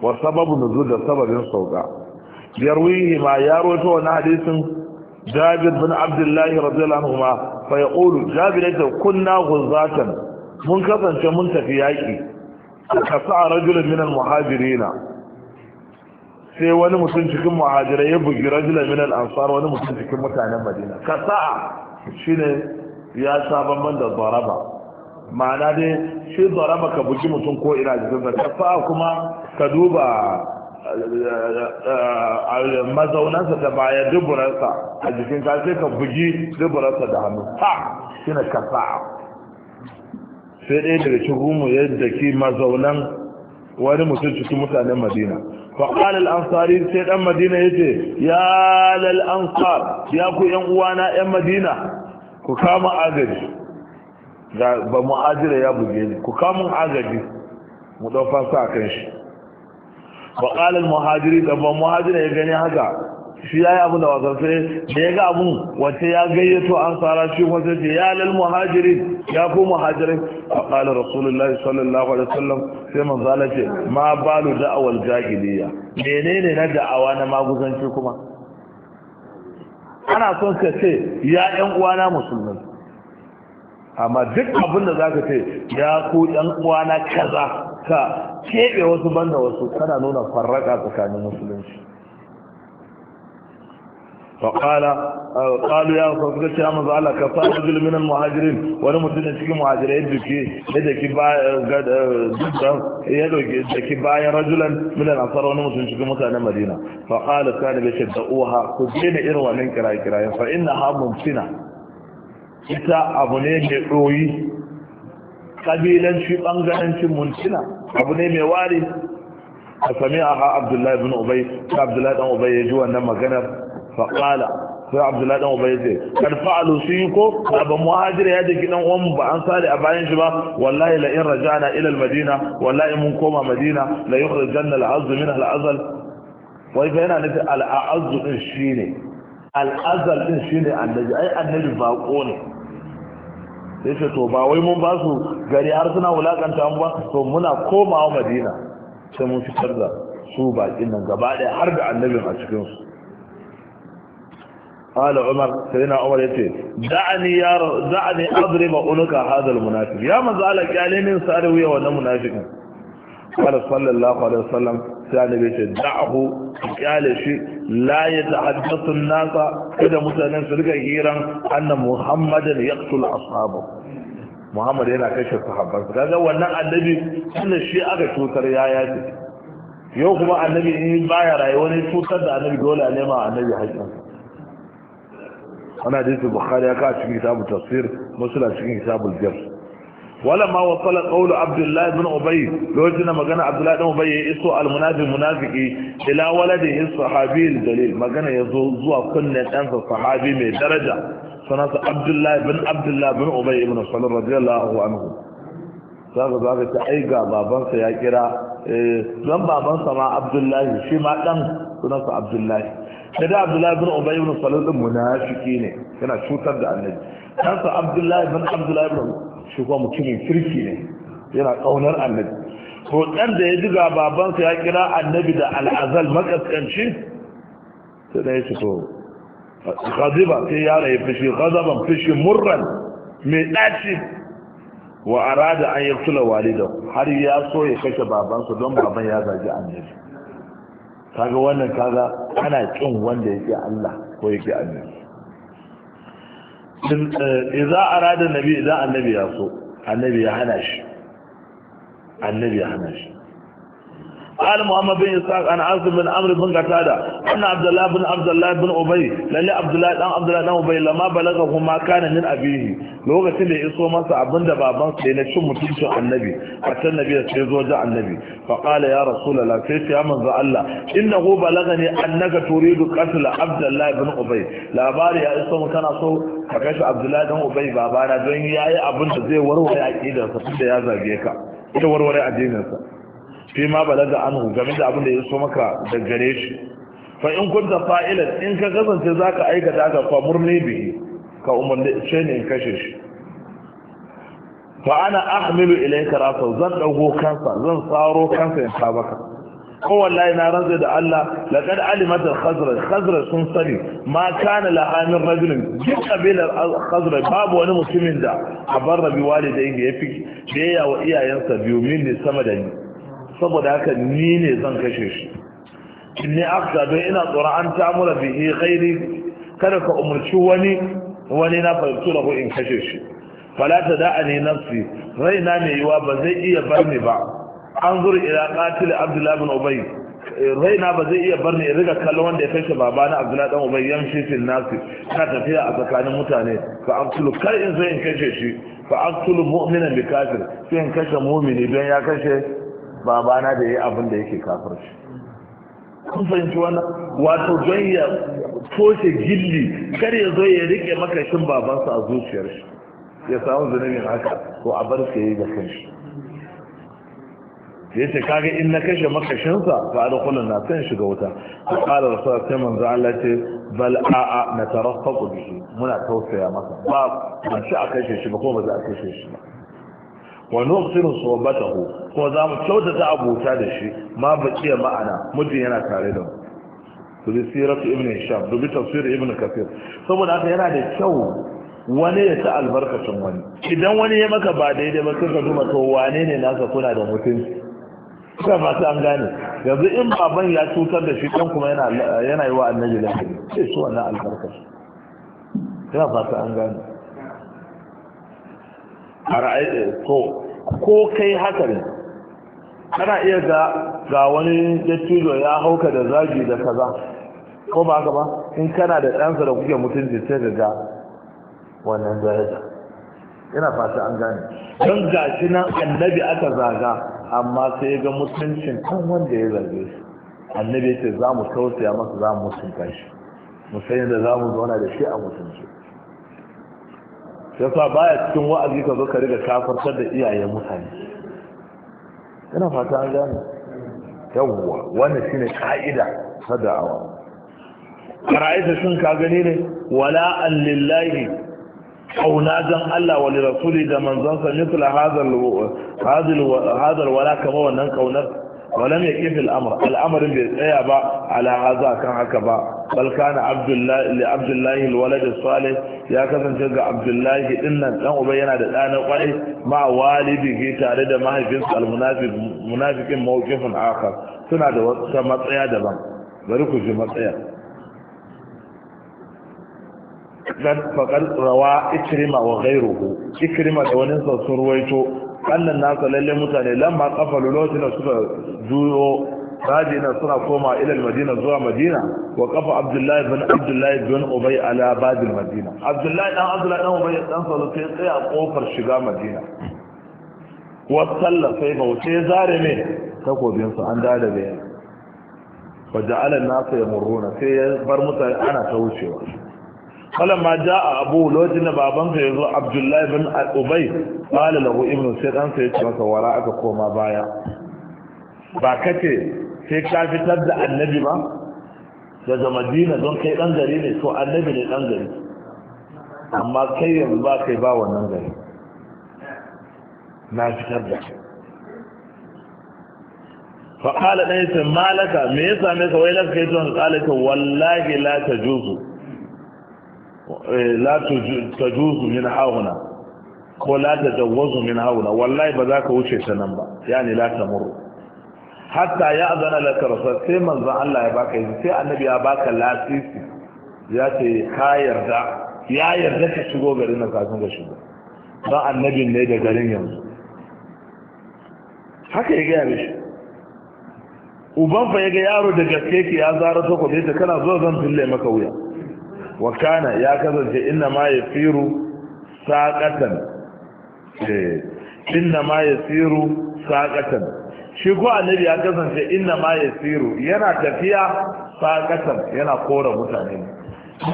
wa sababu nuzul da sababin sauka yarwihi ma ya rawaito wannan hadisin Jabir bin Abdullah radiyallahu anhu ma fa yaqulu Jabir ta kunna ghuzatan mun kasance mun tafi yaki ka sa rajulun muhajirina sai wani mutum cikin muhajirai ya bugi rajulun min al-ansar wani mutum cikin mutanen Madina ka shi ne ya sa banban da zaraba ma'ana dai shi zaraba ka bugi mutum ko ina jikin ka kuma ka duba mazaunansa da baya duburarsa a jikin ka ka bugi duburarsa da hannu ta shine kasa sai ɗaya daga cikin yadda ki mazaunan wani mutum cikin mutanen madina faƙal al'ansari sai ɗan madina ya ce ya lal'ansar ya ku ‘yan uwana ‘yan madina ku kama agaji ba mu ajira ya buge ni ku kama agaji mu ɗaufa a kan shi wa qala al muhajiri da ban muhajira ya gani haka shi yayi abu da wasan sai da ya ga abun wace ya gayyato an tsara shi wace ce ya lal muhajiri ya ku muhajirin a qala rasulullahi sallallahu alaihi wasallam sai man Allah ce ma balu da'awar jahiliya menene na da'awa na maguzanci kuma ana son ka ce ya ƴan uwana musulmai amma duk abin da zaka ce ya ku ƴan uwana kaza ka keɓe wasu banda wasu kana nuna farraka tsakanin musulunci فقال قالوا يا رسول الله يا مزا الله كفار رجل من المهاجرين wani mutum ne cikin muhajirai duke da ki ba ya da ki ba ya rajulan min al-ansar wa mutum cikin mutanen Madina fa qala kana bi shadda uha ku dena irwa wannan kiraye kiraye fa inna ha mumtina ita abune ne doyi kabilanci bangarancin mulkina abu ne mai wari a sami a ha abdullahi bin ubai ta abdullahi dan ubai ya ji wannan maganar faƙala sai abdullahi dan ubai ya ce kan fa'alu sun yi ko abin muhajira ya ji gidan uwan ba an sare a bayan shi ba wallahi la in raja na ilal madina wallahi mun koma madina la yukhrijanna al-azz min al wai fa yana nufin al-azz din shine al-azal din shine annabi ai annabi baƙo ne sai ce to ba wai mun ba su gari har suna wulakanta mu ba to muna komawa madina sai mun fitar da su baƙin nan gaba ɗaya har da annabin a cikinsu. su قال عمر سيدنا عمر يتي دعني يا دعني اضرب عنق هذا المنافق يا من قال قال من ساري ويا wannan munafikin قال صلى الله عليه وسلم سأل بيش دعه قال شيء لا يتحدث الناس إذا مثلا سرق هيرا أن محمدا يقتل أصحابه محمد هنا كشف صحابه هذا هو أن النبي أن الشيء أكتو ترياياته yau kuma annabi in baya rayuwa ne cutar da annabi dole a nema annabi haƙƙinsa ana jinsu bukhari ya ka cikin kitabul tafsir musulun wala ma wa qala qawlu abdullah ibn ubay lokacin magana Abdullahi ibn ubay ya iso al munafiq munafiki ila waladihi sahabi al dalil magana yazo zuwa kunne dan sahabi mai daraja sanasa abdullah ibn abdullah ibn ubay ibn salam radiyallahu anhu zaka zaka ta ai ga babansa ya kira eh, dan babansa ma abdullahi shi ma dan sunansa abdullahi sai da abdullahi ibn ubay ibn salam din munafiki ne yana cutar da annabi kansa abdullahi ibn abdullahi ibn shi kuma mutumin kirki ne yana ƙaunar annabi to da ya jiga babansa ya kira annabi da al'azal makaskanci sai da ya ce to sai yara ya fushi gazaban fushi murran mai ɗaci wa arada an yi tula walidan har ya so ya kashe babansa don baban ya zaji annabi kaga wannan kaga ana kin wanda yake Allah ko yake annabi إذا أراد النبي إذا النبي يصو النبي يهنش النبي يا يهنش قال Muhammad bin إسحاق عن عاصم bin عمرو bin قتادة أن عبد bin بن bin الله بن أبي dan عبد dan بن عبد balaga بن أبي لما بلغه Lokacin كان من da iso masa abinda da babansa ya na cin mutuncin annabi a can nabi da sai zo ji annabi fa qala ya rasulullah sai ya manzo Allah innahu balagani annaka turidu qatl abdullah bin ubay labari ya iso mu kana so ka kashe abdullah dan ubay babana don yayi abin da zai warware aqidar sa tunda ya zage ka ita warware addinin sa fi ma balaga anhu game da abin da ya so maka da gare shi fa in fa'ilan in ka kasance ka aikata ka fa murni bihi ka umarni ce ne in kashe shi fa ana ahmilu ilai rasa zan dago kansa zan saro kansa in ta baka ko wallahi na ranzai da Allah laqad alimat al-khazra khazra sun sani ma kana laha min rajulin duk kabilar khazra babu wani mutumin da abarra bi walidayhi ya fi da wa iyayensa biyu min sama da ni saboda haka ni ne zan kashe shi inni afza don ina tsoron an tamura bihi ghairi kada ka umarci wani wani na fahimci rahu in kashe shi Falata da da'a ne nafsi raina mai yiwa ba zai iya bar ni ba an zuri ila qatil abdullahi bin ubay raina ba zai iya bar ni in riga kallon wanda ya kashe babana abdullahi dan ubay yamshi fil nasi ka tafiya a tsakanin mutane fa abdul kar in zai in kashe shi fa aqtulu mu'mina bi kafir sai in kashe mu'mini don ya kashe babana da ya abin da yake kafar shi. kun fahimci wani wato don ya toshe gilli kar ya zo ya rike makashin babansa a zuciyar shi ya samu zunubin haka to a bar ya yi da kanshi ya ce kaga in na kashe makashinsa ba da kullum na san shiga wuta a kala da sa sai manzo Allah ce bal a'a na tarafa shi, muna tausaya masa ba ba shi a kashe shi ba ko ba za a kashe shi ba wa nusiru sohbatahu ko za mu kyautata abota da shi ma ya ma'ana mutum yana tare da mu da siratu ibn hisham dubi tafsir ibn kafir saboda haka yana da kyau wani ya ta albarkacin wani idan wani ya maka ba daidai ba sai ka duba to wane ne nasa kuna da mutunci kuka masu an gane yanzu in baban ya cutar da shi kan kuma yana yi wa annabi lafiya sai su wannan albarkacin yana fata an gane a ra'ayi ko eh, ko kai haka ne kana iya ga ga wani dattijo ya hauka da zagi da kaza ko ba haka ba in kana da ɗansa da kuke mutunci sai ga wannan zahida ina fata an gane don gashi nan annabi aka zaga amma sai ya ga mutuncin kan wanda ya zage shi annabi ya ce za mu tausaya masa za mu mutunta shi mu san yadda za mu zauna da shi a mutunci yasa baya cikin wa'azi ka zo ka riga kafartar da iyayen mutane ina fata an gane yawwa wannan shine ka'ida ta da'awa qara'ita sun ka gani ne wala an lillahi kauna dan Allah wa rasuli da manzon sa mithla hadhal hadhal hadhal wala kama wannan kaunar walam yaqif al-amr al bai tsaya ba ala hadha kan haka ba bal kana abdullahi li abdullahi alwalad salih ya kasance ga abdullahi din nan dan uba yana da dana kwarai ma walidihi tare da mahaifinsa almunafiq munafiqin mawqifun akhar suna da wata matsaya daban bari ku ji matsaya dan faqal rawa ikrima wa ghayruhu ikrima da wani sa surwaito annan nasa lalle mutane lamma kafalu lokacin da suka juyo rajina suna koma ilal madina zuwa madina wa kafa abdullahi bin abdullahi bin ubai ala badil madina abdullahi dan abdullahi dan ubai dan sallu sai tsaya a kofar shiga madina wa salla sai bauce zare ne takobin su an dada da yana wa ja'ala an-nasa yamurruna sai ya bar mutane ana ta wucewa فلما جاء ابو لوجن بابان sai yazo abdullahi bin ubay qala lahu ibnu sai dan sai ya ce masa wara'aka koma baya ba kace sai ka fitar da annabi ba daga madina don kai dan gari ne to annabi ne dan gari amma kai yanzu ba kai ba wannan gari na fitar da fa kala dai sai malaka me yasa me لك ما kai don kala قال wallahi la tajuzu la tajuzu min hauna ko la ta min hauna wallahi ba za ka wuce sanan ba yani la tamuru hatta ya azana da rasul sai manzo Allah ya baka yi sai annabi ya baka lasisi ya ce ka yarda ya yarda ka shigo garin nan kafin ka shigo don annabin ne da garin yanzu haka ya gaya mishi uban fa ya ga yaro da gaske ki ya zara sako da kana zuwa zan dille maka wuya wa kana ya kasance inna ma ya saqatan eh inna ma ya saqatan shi ko annabi ya kasance inna ma yasiru yana tafiya faqatan yana kora mutane ne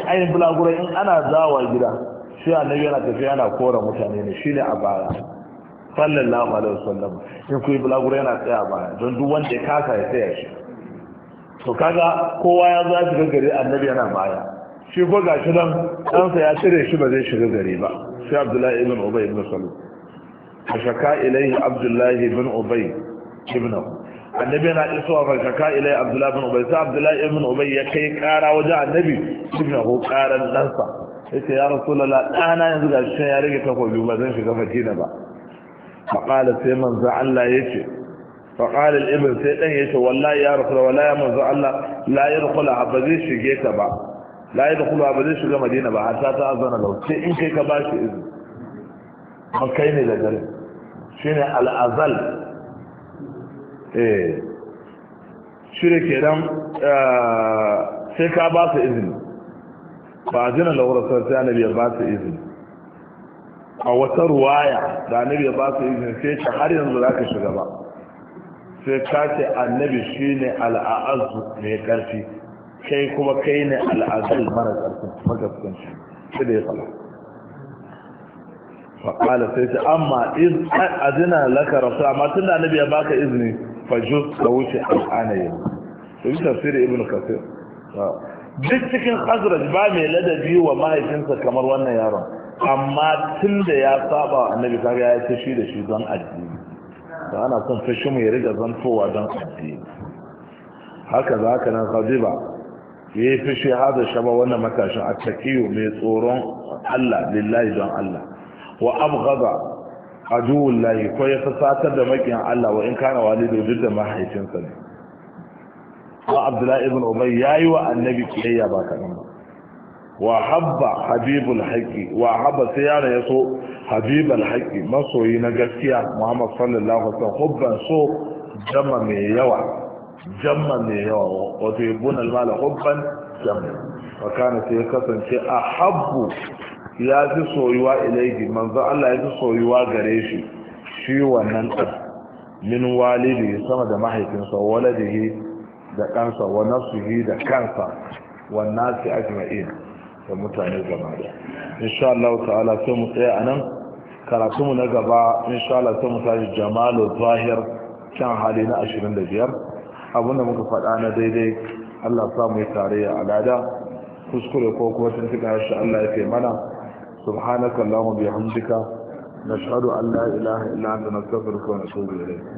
ayin bulaguro in ana zawa gida shi annabi yana tafiya yana kora mutane ne shine a baya sallallahu alaihi wasallam in ku bulaguro yana tsaya baya don duk wanda ya kasa ya tsaya shi to kaga kowa ya za shiga gari annabi yana baya shi ko gashi nan ɗansa ya cire shi ba zai shiga gari ba sai abdullahi ibn ubay ibn salul a shaka ilaihi abdullahi ibn ubay ibnahu annabi yana isuwa farkaka ilai abdullahi bin ubay sai abdullahi bin ubay ya kai kara wajen annabi ibnahu karan dansa yace ya rasu rasulullah dana yanzu ga shi ya rage takobi ba zan shiga madina ba faqala sai manzo Allah ya ce, al-ibn sai ɗan ya ce wallahi ya rasulullah wallahi ya manzo Allah la yadkhula abazi shige ta ba la yadkhulu abazi shiga madina ba hatta ta azana lau sai in kai ka ba bashi izini kai ne da gari shine al-azal eh shirya ke dan eh, sai ka ba su izini ba a jina laurasar sai annabi ya ba su izini a wata ruwaya da annabi ba su izini sai ka har yanzu za ka shiga ba sai ka ce annabi shi ne al'azu mai ƙarfi kai kuma kai ne al'azu mara karfi magabtan shi shi da ya fala faƙala sai ce amma azina laka rasu amma tun da annabi ba ka izini fajus da wuce al'ana yanzu to bi tafsiri ibn kasir duk cikin khazraj ba mai ladabi wa mahaifinsa kamar wannan yaron amma tun da ya saba annabi kaga ya ce shi da shi don addini Da ana son fashi mu ya riga zantowa don addini haka za ka nan khadiba ya yi fashi hada shaba wannan matashin a mai tsoron Allah lillahi don Allah wa abghada aduwun layi ko ya fasatar da makiyan Allah wa in kana walido duk da mahaifinsa ne wa abdullahi ibn ya yayi wa annabi kiyayya ba nan ba wa habba habibul haqqi wa habba sai yana ya so habibul haqqi masoyi na gaskiya muhammad sallallahu alaihi wasallam hubban so jamma mai yawa jamma mai yawa wato yubun al mala hubban jamma wa kana sai kasance habbu. ya fi soyuwa ilaihi manzo Allah ya fi soyuwa gare shi shi wannan ɗan min walidi sama da mahaifinsa waladihi da kansa wa nafsihi da kansa wa nasi ajma'in da mutane gaba da insha Allah ta'ala sai mu tsaya anan karatu mu na gaba insha Allah sai mu tashi jamalu zahir kan hali na 25 abinda muka faɗa na daidai Allah sa mu yi tarayya alada kuskure ko kuma tuntuka shi Allah ya kai mana subhanaka allahumma bihamdika nashhadu an la ilaha illa anta nastaghfiruka wa natubu ilayk